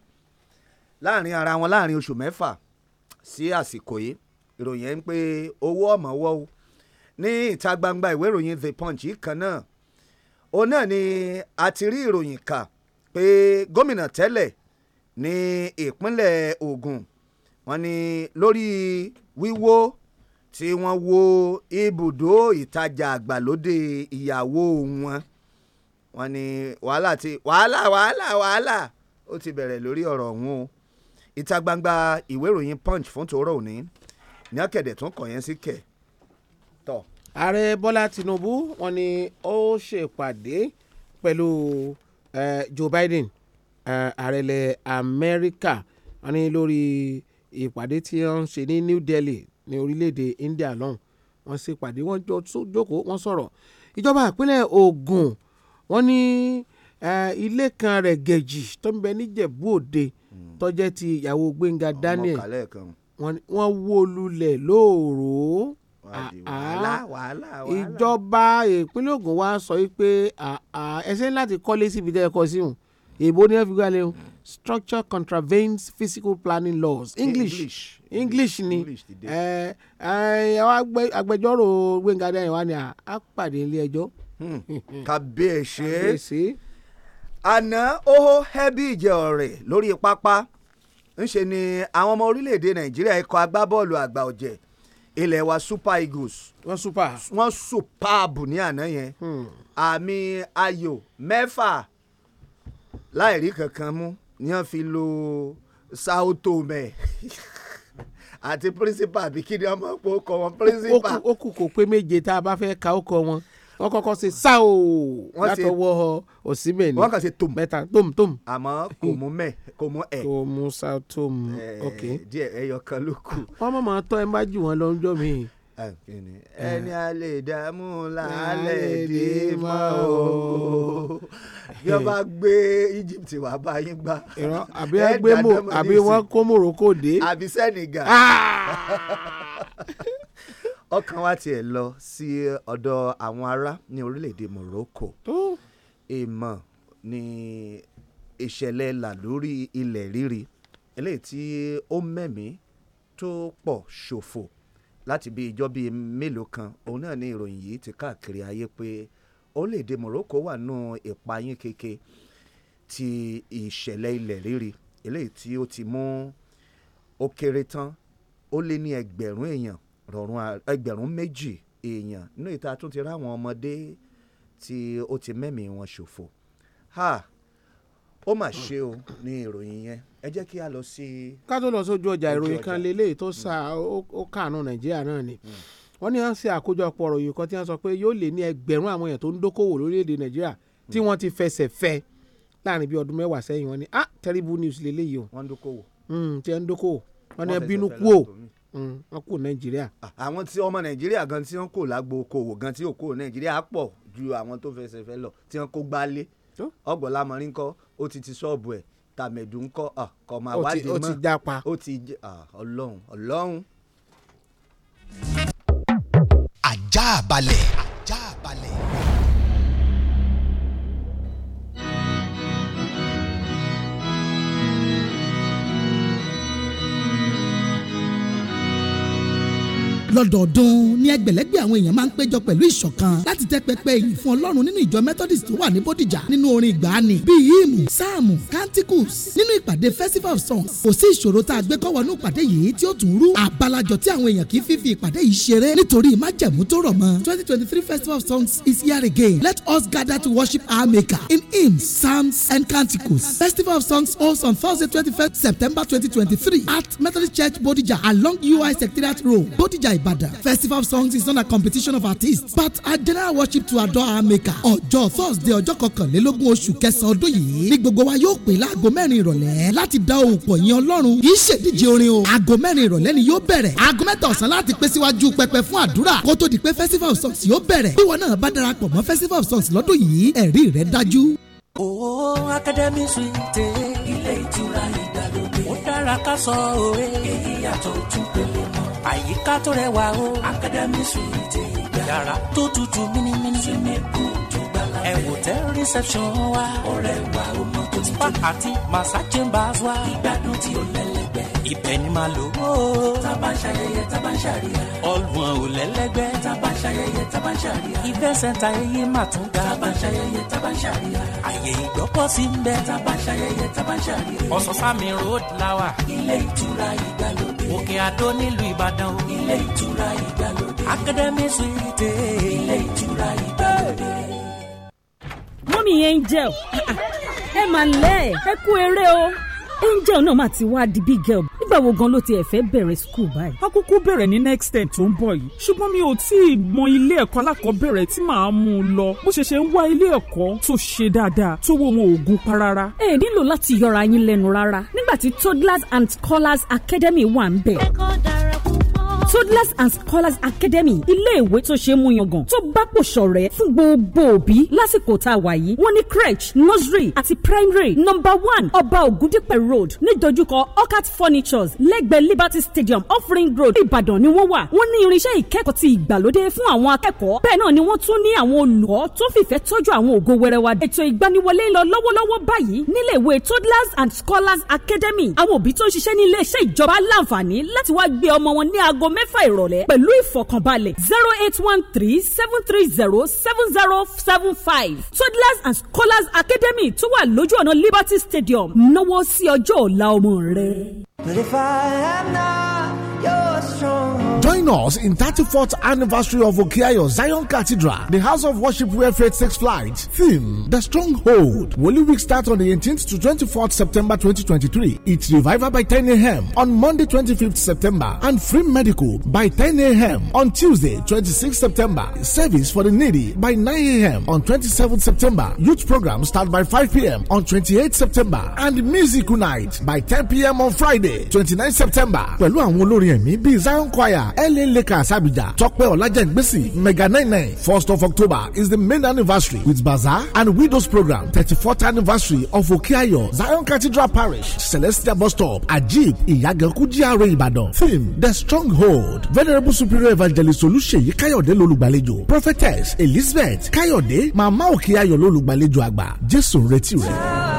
láàrin ara wọn láàrin oṣù mẹ́fà sí àsìkò yìí ìròyìn ẹ̀ ń pé owó ọ̀mọ̀ wọ́ o ní ìta gbangba ìwé ìròyìn The Punch kan náà òun náà ni a ti rí ìròyìn kà pé gómìnà tẹ́lẹ̀ ní ìpínlẹ̀ Ògùn wọn ni lórí wíwó tí wọ́n wó ibùdó ìtajà àgbàlódé ìyàwó wọn wọ́n ní wàhálà ti wàhálà wàhálà wàhálà ó ti bẹ̀rẹ̀ lórí ọ̀rọ̀ ọ̀hún o ìta gbangba ìwé ìròyìn punch fún tòórọ́ òní ní ọ̀kẹ́dẹ̀ tún kàn yẹn sí kẹ̀ tọ̀. ààrẹ bọ́lá tinubu wọ́n ní ó ṣèpàdé pẹ̀lú joe biden ààrẹ ilẹ̀ amẹ́ríkà wọ́n ní lórí ìpàdé tí wọ́n ń ṣe ní new delhi ní orílẹ̀-èdè India lọ́hùn wọ́n sì pàdé wọ́n jọ jókòó wọ́n sọ̀rọ̀ ìjọba ìpínlẹ̀ Ògùn wọ́n ní ilé kan rẹ̀ gẹ̀jì tó ń bẹ níjẹ̀bú òde tọ́jẹ́ ti ìyàwó Gbẹ́ngà Daniel wọ́n wó lulẹ̀ lóòrò ìjọba ìpínlẹ̀ ogun wa sọ pé ẹsẹ̀ láti kọ́lé síbi tẹ́ ẹ kọ́ sí òun èèbó ni wọ́n fi gbá lé structure contravenes physical planning laws English. English english ni agbẹjọ́rò gbẹ̀ngà dẹ́yìn wa ni a pàdé ilé ẹjọ́. Hmm, kàbíyèsí àná óhó ẹbí ìjẹ ọ̀rẹ́ lórí pápá ńṣe ni àwọn ọmọ orílẹ̀-èdè nàìjíríà ikọ̀ agbábọ́ọ̀lù àgbà ọ̀jẹ̀ ilẹ̀ wa super eagles wọ́n super wọ́n superb ní àná yẹn hmm. àmì ayò mẹ́fà láìrí kankan mú ni wọ́n fi lo sao tome àti principal àbí kí ni wọ́n máa pọ̀ kọ́ wọn principal. ó kù kò pé méje tá a bá fẹ́ ka ó kọ́ wọn wọ́n kọ́kọ́ ṣe sá o látọwọ́ òsínbẹ̀ ni wọ́n kàn ṣe tom mẹ́ta tom tom. àmọ́ kò mú mẹ́ kò mú ẹ̀. kò mú sá tom ok. díẹ̀ ẹyọ kan ló kù. wọ́n mọ̀ máa tọ́ ẹ bá jù wọ́n lọ́jọ́ mi ẹni a lè dààmú làálẹ̀ dé mọ́ o bí wọ́n bá gbé Egypt wá bá yín gbá. àbí wọ́n gbé mo àbí wọ́n kó Morocco dé. àbí Senegal. Ah! ọkàn wa tiẹ̀ lọ sí ọ̀dọ̀ àwọn ará ní orílẹ̀-èdè Morocco ìmọ̀ ni ìṣẹ̀lẹ̀ là lórí ilẹ̀ rírì eléyìí tí ó mẹ́mí tó pọ̀ ṣòfò láti bí ijọ́ bíi mélòó kan òun náà ni ìròyìn yìí ti káàkiri ayé pé orílẹ̀-èdè Morocco wà nù ìpayín keke ti ìṣẹ̀lẹ̀ ilẹ̀ rírì eléyìí tí ó ti mú ó kéré tán ó lé ní ẹgbẹ̀rún èèyàn rọ̀rùn ẹgbẹ̀rún méjì èèyàn nínú ìta tún ti ráwọn ọmọdé tí ó ti mẹ́mìí wọn ṣòfò ha ó mà ṣe o ní ìròyìn yẹn ẹ jẹ́ kí a lọ sí. ká tó lọ sójú ọjà ìròyìn kan lélẹ́yìí tó hmm. sa ó kàánú nàìjíríà náà ni hmm. wọ́n ní wọ́n ṣe àkójọpọ̀ ìròyìn kan tí wọ́n sọ pé yóò lé ní ẹgbẹ̀rún àwọn èèyàn tó ń dókòwò lórílẹ̀‐èdè nàìjíríà tí hmm. wọ́n ti fẹsẹ̀ fẹ́ láàrin bí ọdún mẹ́wàá sẹ́yìn wọ́n ní ah terrible news lélẹ́yìí o. wọ́n ń dókòwò. tí wọ́n ń dókòwò wọ́n ní ẹbínú kú o wọ́n kù nàìjíríà. Ah, àwọn tí ọmọ nàìjíríà gan tí wọ́n kò lágbo okòwò gan tí òkò nàìjíríà pọ̀ ju àwọn tó fẹsẹ̀ fẹ́ lọ tí wọ́n kó gbálé ọgbọ̀n kọ́ ó ti ti ṣọ́ọ̀bù ẹ̀ tàmẹ̀dù ńkọ́ kọ́ máa wádìí mọ́ ó ti jápa ó ti ọlọ́run ọlọ́run. ajá balẹ̀ ajá balẹ̀. lọ́dọọdún ní ẹgbẹ̀lẹ́gbẹ̀ àwọn èèyàn máa ń péjọ pẹ̀lú ìṣọ̀kan láti tẹ́ pẹpẹ ìyìn fún ọlọ́run nínú ìjọ methodist tó wà ní bódìjà nínú orin ìgbàanì bíi hymn sáàmù canticles nínú ìpàdé festival of songs kò sí ìṣòro tá a gbé kọ́ wọnú ìpàdé yìí tí ó tún rú àbálàjọ tí àwọn èèyàn kì í fífi ìpàdé yìí ṣeré nítorí májẹ̀mú tó rọ̀ mọ́ twenty twenty three festival of songs is here again let us gather to worship in hymns psalms and canticles festival of songs holds on thursday twenty september twenty at methodist church bódìjà along ui secretariat road bódìjà Ibadan. Festival of Songs is not a competition of artists but a general worship to adore our maker. Ọjọ́ Thursday ọjọ́ kọkànlélógún oṣù kẹsàn-án ọdún yìí ni gbogbo wa yóò pè láago mẹ́rin ìrọ̀lẹ́ láti dá ohùn pọ̀ yìn Ọlọ́run. Kì í ṣèdíje orin o. Aago mẹ́rin ìrọ̀lẹ́ ni yóò bẹ̀rẹ̀. Aago mẹ́ta ọ̀sán láti pé síwájú pẹpẹ fún àdúrà kó tó di pé Festival of Songs yóò bẹ̀rẹ̀. Bí wọn náà bá darapọ̀ mọ́ Festival of Songs lọ́dún yìí, ẹ̀rí rẹ̀ dájú. Oo Academy Suite. Ilé ìtura ìgbàlódé. Ó dára ká sọ òwe. Èyí yàtọ̀ ojú pele àyíká tó rẹwà o. academy suite ìgbà yàrá tó tutù mímímí. swimming pool tó ẹ wò tẹ reception wa. ọ̀rẹ́ wa o mọ tó ti tó. spa àti massa chambers wa. ìgbádùn tí o lẹ́lẹ́gbẹ́. ibẹ̀ ni màá lò ó. taba ń ṣayẹyẹ taba ń ṣàríyá. ọlùwọ̀n ò lẹ́lẹ́gbẹ́. taba ń ṣayẹyẹ taba ń ṣàríyá. ibẹ̀ sẹ́ńtà ẹyẹ mà tún ga. taba ń ṣayẹyẹ taba ń àyè ìgbọ́pọ̀ sí ń bẹ. taba ṣayẹyẹ taba ń ṣàríyá. ọ̀sánsámi road lawa. ilé ìtura ìgbàlódé. òkè àdó nílùú ìbàdàn. ilé ìtura ìgbàlódé. academy suite. ilé ìtura ìgbàlódé mọ́mí angel ẹ mà lẹ́ ẹ kú eré o angel náà mà ti wá di big girl nígbà wo gan ló ti ẹ̀ fẹ́ bẹ̀rẹ̀ school báyìí. a kúkú bẹ̀rẹ̀ ní next term tó ń bọ̀ yìí ṣùgbọ́n mi ò tí ì mọ ilé ẹ̀kọ́ alákọ̀ọ́bẹ̀rẹ̀ tí màá mú un lọ bó ṣe ṣe ń wá ilé ẹ̀kọ́ tó ṣe dáadáa tó wo wọn òògùn pa rárá. ẹ nílò láti yọra yín lẹ́nu rárá nígbà tí toddlers and scholars academy wà ń bẹ̀. ẹ̀kọ́ dára toddlers and scholars academy iléèwé tó ṣe é mú yangàn tó bá pò ṣọ̀rẹ́ fún gbogbo òbí lásìkò tá a wà yìí wọ́n ní crèche nursery àti primary number one ọba ògúndípẹ̀ road nídojúkọ orchard furnitures lẹ́gbẹ̀ẹ́ liberty stadium offering road ìbàdàn ni wọ́n wà wọ́n ní irinṣẹ́ ìkẹ́kọ̀ọ́ ti ìgbàlódé fún àwọn akẹ́kọ̀ọ́ bẹ́ẹ̀ náà ni wọ́n tún ní àwọn olùkọ́ tó fìfẹ́ tọ́jú àwọn ògo wẹrẹ wa ètò ìgbaniwọlé ń lọ lọ́wọ́lọ́wọ́ báyìí níléèwé toddlers and scholars academy àwọn òbí tó ń ṣiṣẹ́ ní iléeṣẹ́ ìjọba láǹfààní láti wá gbé ọmọ wọn ní aago m mẹ́fà ìrọ̀lẹ́ pẹ̀lú ìfọ̀kànbalẹ̀ zero eight one three seven three zero seven zero seven five toddlers and scholars academy tó wà lójú ọ̀nà liberty stadium náwó sí ọjọ́ ọ̀la ọmọ rẹ. but if I am not. Join us in 34th anniversary of Okiayo Zion Cathedral, the house of worship where faith takes flight. Theme: The Stronghold. Holy Week starts on the 18th to 24th September 2023. It's revival by 10 a.m. on Monday 25th September and free medical by 10 a.m. on Tuesday 26th September. Service for the needy by 9 a.m. on 27th September. Youth program start by 5 p.m. on 28th September and musical night by 10 p.m. on Friday 29th September. Pẹ̀lú àwọn orin ẹ̀mí bíi zion choir la lakers abidjan tọpẹ ọlájẹngbèsì mega nine nine first of october is the main anniversary with bazaar and widows program thirty-fourth anniversary of okeayo zion cathedral parish Celestia bus stop ajib iyaganku GRA ibadan theme the stronghold venerable superior evangelist olùṣèyí káyọ̀dé lolùgbàlejò prophetess elizabeth káyọ̀dé màmá òkè ayọ̀ lolùgbàlejò àgbà jésù retí rẹ̀.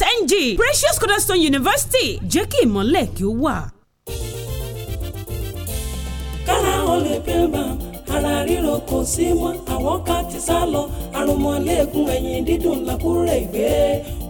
ng Precious Cornerstone University jẹ́ kí ìmọ̀lẹ̀ kí ó wà. kára olè pilgrim ara ríro kò sí mọ́ àwọn ká ti sá lọ àrùnmọ́lẹ́gùn ẹ̀yìn dídùn làkúrẹ́ ìgbé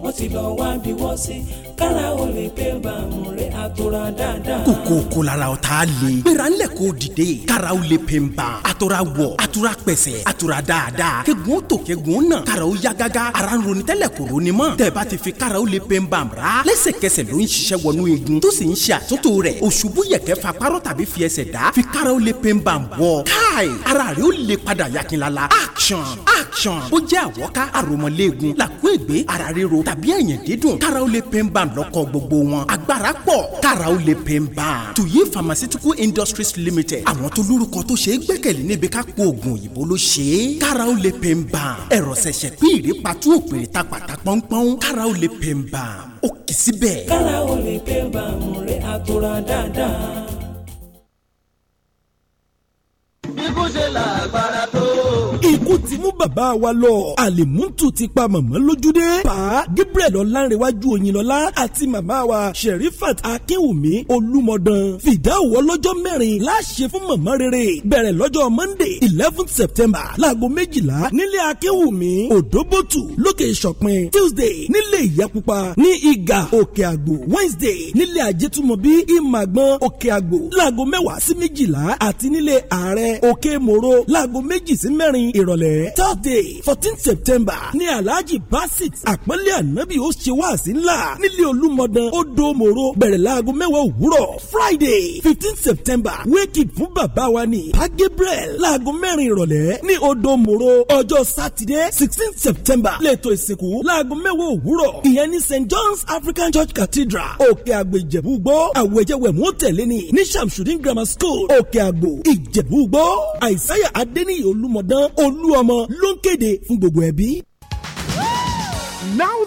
wọ́n ti lọ́ọ́ wá bí wọ́n sí kára o lè pé bàmù rẹ̀ àtòrà dáadáa. kòkó kò lára o t'a le. gbéra ńlẹ̀ k'o dìde. kára o lè pè ń ban. àtòrà wọ̀ àtòrà pẹ̀sẹ̀ àtòrà dáadáa. kẹ́gun tó kẹ́gun nà. kára o ya gágá. ara ń ronú tẹ́lẹ̀ kò ronú mọ́. tẹ̀bá ti fi kára o lè pè ń ban ra. lẹ́sẹ̀kẹsẹ̀ ló ń ṣiṣẹ́ wọnú igun. tó sì ń ṣe àtúntò rẹ̀. òṣùbù yẹ̀kẹ́ fa párọ̀ tàbí fi ẹsẹ̀ dá. fi kára o lè pè ń ban bọ̀. káì ara rẹ̀ ó lè padà yakinlala. action action. ó jẹ́ àwọ̀ká àròmọ̀lẹ́gun làkúègbé ara ríro tàbí ẹ̀yìn dídùn. kára o lè pè ń ban lọ́kọ̀ gbogbo wọn agbára pọ̀ kára ó lè pè ń bá tuyi pharmaceutical industries limited àwọn tó lórúkọ tó ṣe é gbẹ́kẹ̀lé níbi ká po oògùn òyìnbó ló ṣe é kára ó lè pè ń bá a. ẹ̀rọ ṣẹ̀ṣẹ̀ pín ìrèpàtú òpèrè ta pàtà pọ́npọ́n kára ó lè pè ń bá ó kì í síbẹ̀. kára ó lè pè ń bá a rí àtúrà dáadáa. ikú ṣe làgbára tó ó ti mú bàbá wa lọ àlèmútù ti pa màmá lójúdé pa gabriel ọlánrewájú òyìnlọlá àti màmá wa sherifat akínwùmí olúmọdán fìdáwò ọlọ́jọ́ mẹ́rin láṣẹ fún màmá rere bẹ̀rẹ̀ lọ́jọ́ monday eleven september láago méjìlá nílé akínwùmí òdòbòtù lókè ìṣọ̀pin tuesday nílé ìyàpupa ní ìgà òkè àgbò wednesday nílé àjẹtùmọ̀bí ìmàgbọ́n òkè àgbò láago mẹ́wàá sí méjìlá àti nílé ààrẹ òkè mòro láago méjì sí mẹ́rin ìrọ̀lẹ́ nírọ̀lẹ́ thursday fourteen september Ni alhaji basit àpọ́nlé ànábì ó ṣe wáàsí ńlá nílé olúmọdán ó do mòro bẹ̀rẹ̀ láago mẹ́wàá òwúrọ̀ friday fifteen september wéèkì fún bàbá wa ní pa gabriel láago mẹ́rin ìrọ̀lẹ́ ní odo mòro ọjọ́ sátidé sixteen september lẹ́tọ̀ ìsìnkú láago mẹ́wàá òwúrọ̀ ìyẹn ní st john's african church cathedral òkè àgbè ìjẹ̀bú-gbó àwẹ̀jẹ̀wẹ̀mú tẹ̀lé ni ní shamsudin grammar school òkè àgbò ìjẹ̀bú-gbó àìsáyà adẹ́niyè olúmọdán olú olú ọmọ ló ń kéde fún gbogbo ẹbí.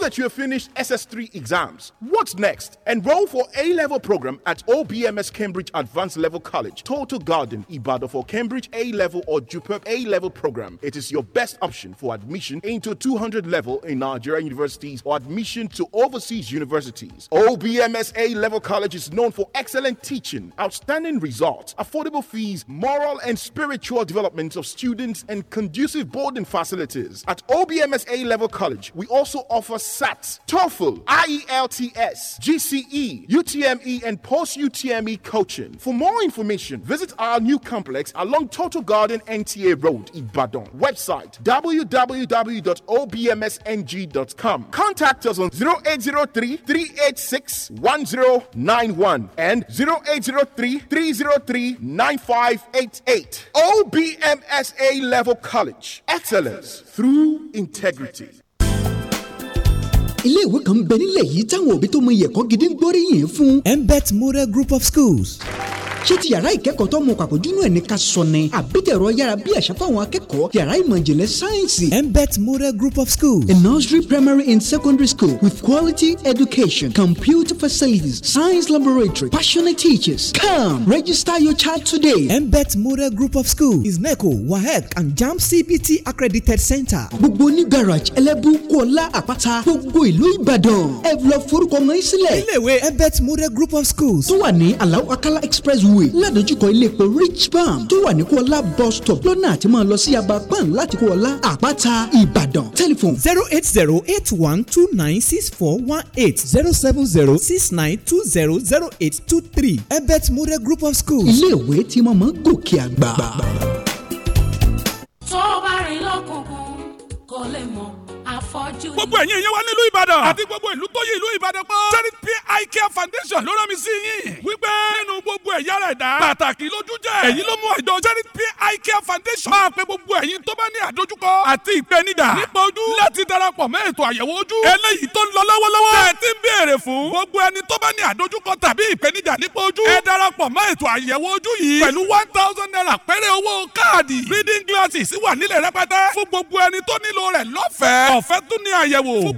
that you have finished SS3 exams, what's next? Enroll for A-level program at OBMS Cambridge Advanced Level College, Total Garden, Ibadan for Cambridge A-level or Jupiter A-level program. It is your best option for admission into 200 level in Nigerian universities or admission to overseas universities. OBMS A-level college is known for excellent teaching, outstanding results, affordable fees, moral and spiritual development of students, and conducive boarding facilities. At OBMS A-level college, we also offer SATs, TOEFL, IELTS, GCE, UTME, and post UTME coaching. For more information, visit our new complex along Total Garden NTA Road, Ibadan. Website www.obmsng.com. Contact us on 0803 386 1091 and 0803 303 9588. OBMSA Level College. Excellence through integrity. ilé ìwé kan ń bẹ nílẹ̀ yìí táwọn òbí tó mọ iyẹ̀kọ́ gidi ń gbóríyìn fún. mbet model group of schools ṣé ti yàrá ìkẹ́kọ̀ọ́ tó mọ pàpọ̀jùnú ẹ̀ ní ká sọ ni àbí tẹ̀rọ yára bí àṣà fáwọn akẹ́kọ̀ọ́ yàrá ìmọ̀ ìjìnlẹ̀ sáyẹ́nsì. mbet model group of schools a nursery primary and secondary school with quality education computer facilities science laboratory passionate teachers come register your child today. mbet model group of schools is neco waec and Jam cbt accredited center. gbogbo ní garage ẹlẹ́bù kọ́lá àpáta gbogbo ìlú ìbàdàn ẹ lọ forúkọ mọ́ sílẹ̀. iléèwé mbet model group of schools tó wà ní alau akala express highway ládojúkọ ilé epo rich palm tó wà ní kọ́lá bus stop lọ́nà àti máa lọ sí abapan láti kọ́lá àpáta ìbàdàn telephone. zero eight zero eight one two nine six four one eight zero seven zero six nine two zero zero eight two three ebet mure group of schools. ilé ìwé tí mo máa ń gòkè àgbà. tó bá rìn lọ́kùnkùn kò lè mọ àfọ́jú. gbogbo ẹ̀yin ìyẹn wá ìbàdàn àti gbogbo ìlú tó yí ìlú ìbàdàn pọ̀. charity pay eye care foundation ló rán mi sí yín. wípé nínú gbogbo ẹ̀yà rẹ̀ dá. pàtàkì lójú jẹ́. èyí ló mú àjọ charity pay eye care foundation. máa pe gbogbo ẹ̀yin tó bá ní àdójúkọ àti ìpèníjà. nípa ojú láti darapọ̀ mẹ́ ètò àyẹ̀wò ojú. eléyìí tó ń lọ lọ́wọ́lọ́wọ́. tẹ̀ ti ń béèrè fún. gbogbo ẹni tó bá ní àdójúkọ tàbí ìpèníjà nípa ojú. ẹ darapọ̀ mẹ́ ètò àyẹ̀wò ojú yìí. pẹ̀lú one thousand naira péré owó káàdì. reading glasses wà nílẹ̀ rẹpẹtẹ. fún gbogbo ẹni tó nílò rẹ̀ lọ́fẹ̀ẹ́. ọ̀fẹ́ tún ní àyẹ̀wò. fún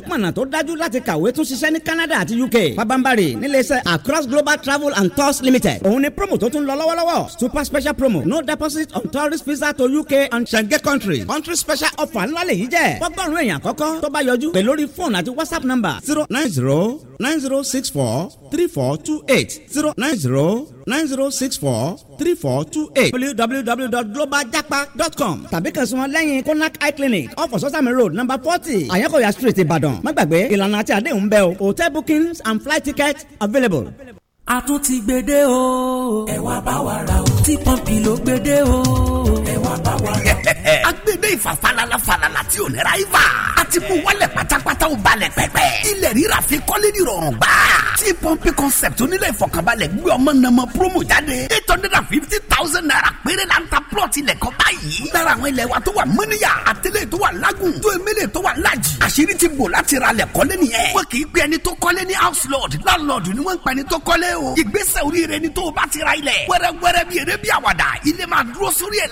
ojúpọ̀nà tó dájú láti kàwé tún ṣiṣẹ́ ní Canada àti UK pabambari níléeṣẹ́ Across Global Travel and Tours Limited òun ni promo tó tún lọ lọ́wọ́lọ́wọ́ super special promo no deposit on tourist visa to UK and Schengen country country special offer ńlá lèyí jẹ́ fọ́gọ́rùn-ún èèyàn àkọ́kọ́ tó bá yọjú pè lórí fóònù àti WhatsApp number zero nine zero nine zero six four three four two eight zero nine zero nine zero six four three four two eight www.globaljapa.com tàbí kàn sí wọn lẹ́yìn konak eye clinic off ososami road number forty Àyànkòyà street Ìbàdàn má gbàgbé ìlànà àti àdéhùn bẹ́ẹ̀ o hotel bookings and flight tickets available. a tún ti gbede o. ẹ wá bá wa ra o. tí pọ́ǹpì ló gbede o. ẹ wá bá wa ra o lẹ̀. agbede ìfàfàlàlà falala tí ò ní ra ibà. a ti mú wálẹ̀ pátápátá ó balẹ̀ pẹ́pẹ́. ilẹ̀ rírà fi kọ́lé ní rọrùn gbà. tí pọ́ńpì concept onílẹ̀ ìfọ̀kànbalẹ̀ gbé ọmọ nàmọ promo jáde. eight hundred and fifty thousand naira péré la ń ta plot ilẹ̀ kan báyìí. lára àwọn ilẹ̀ wa tó wà mọ́níyà àtẹlẹ́ tó wà lágùn tó emele tó wà lájì. àṣírí ti bò láti ra lẹ̀ kọ́lé nìyẹn. wọ́n kì í pe ẹni tó kọ́lé ní house lord landlord ni wọ́n ń pa o. ìgbésẹ̀ oríire ni tó o bá ti ra ilẹ̀. wẹ́rẹ́wẹ́rẹ́ bí eré bí àwàdà la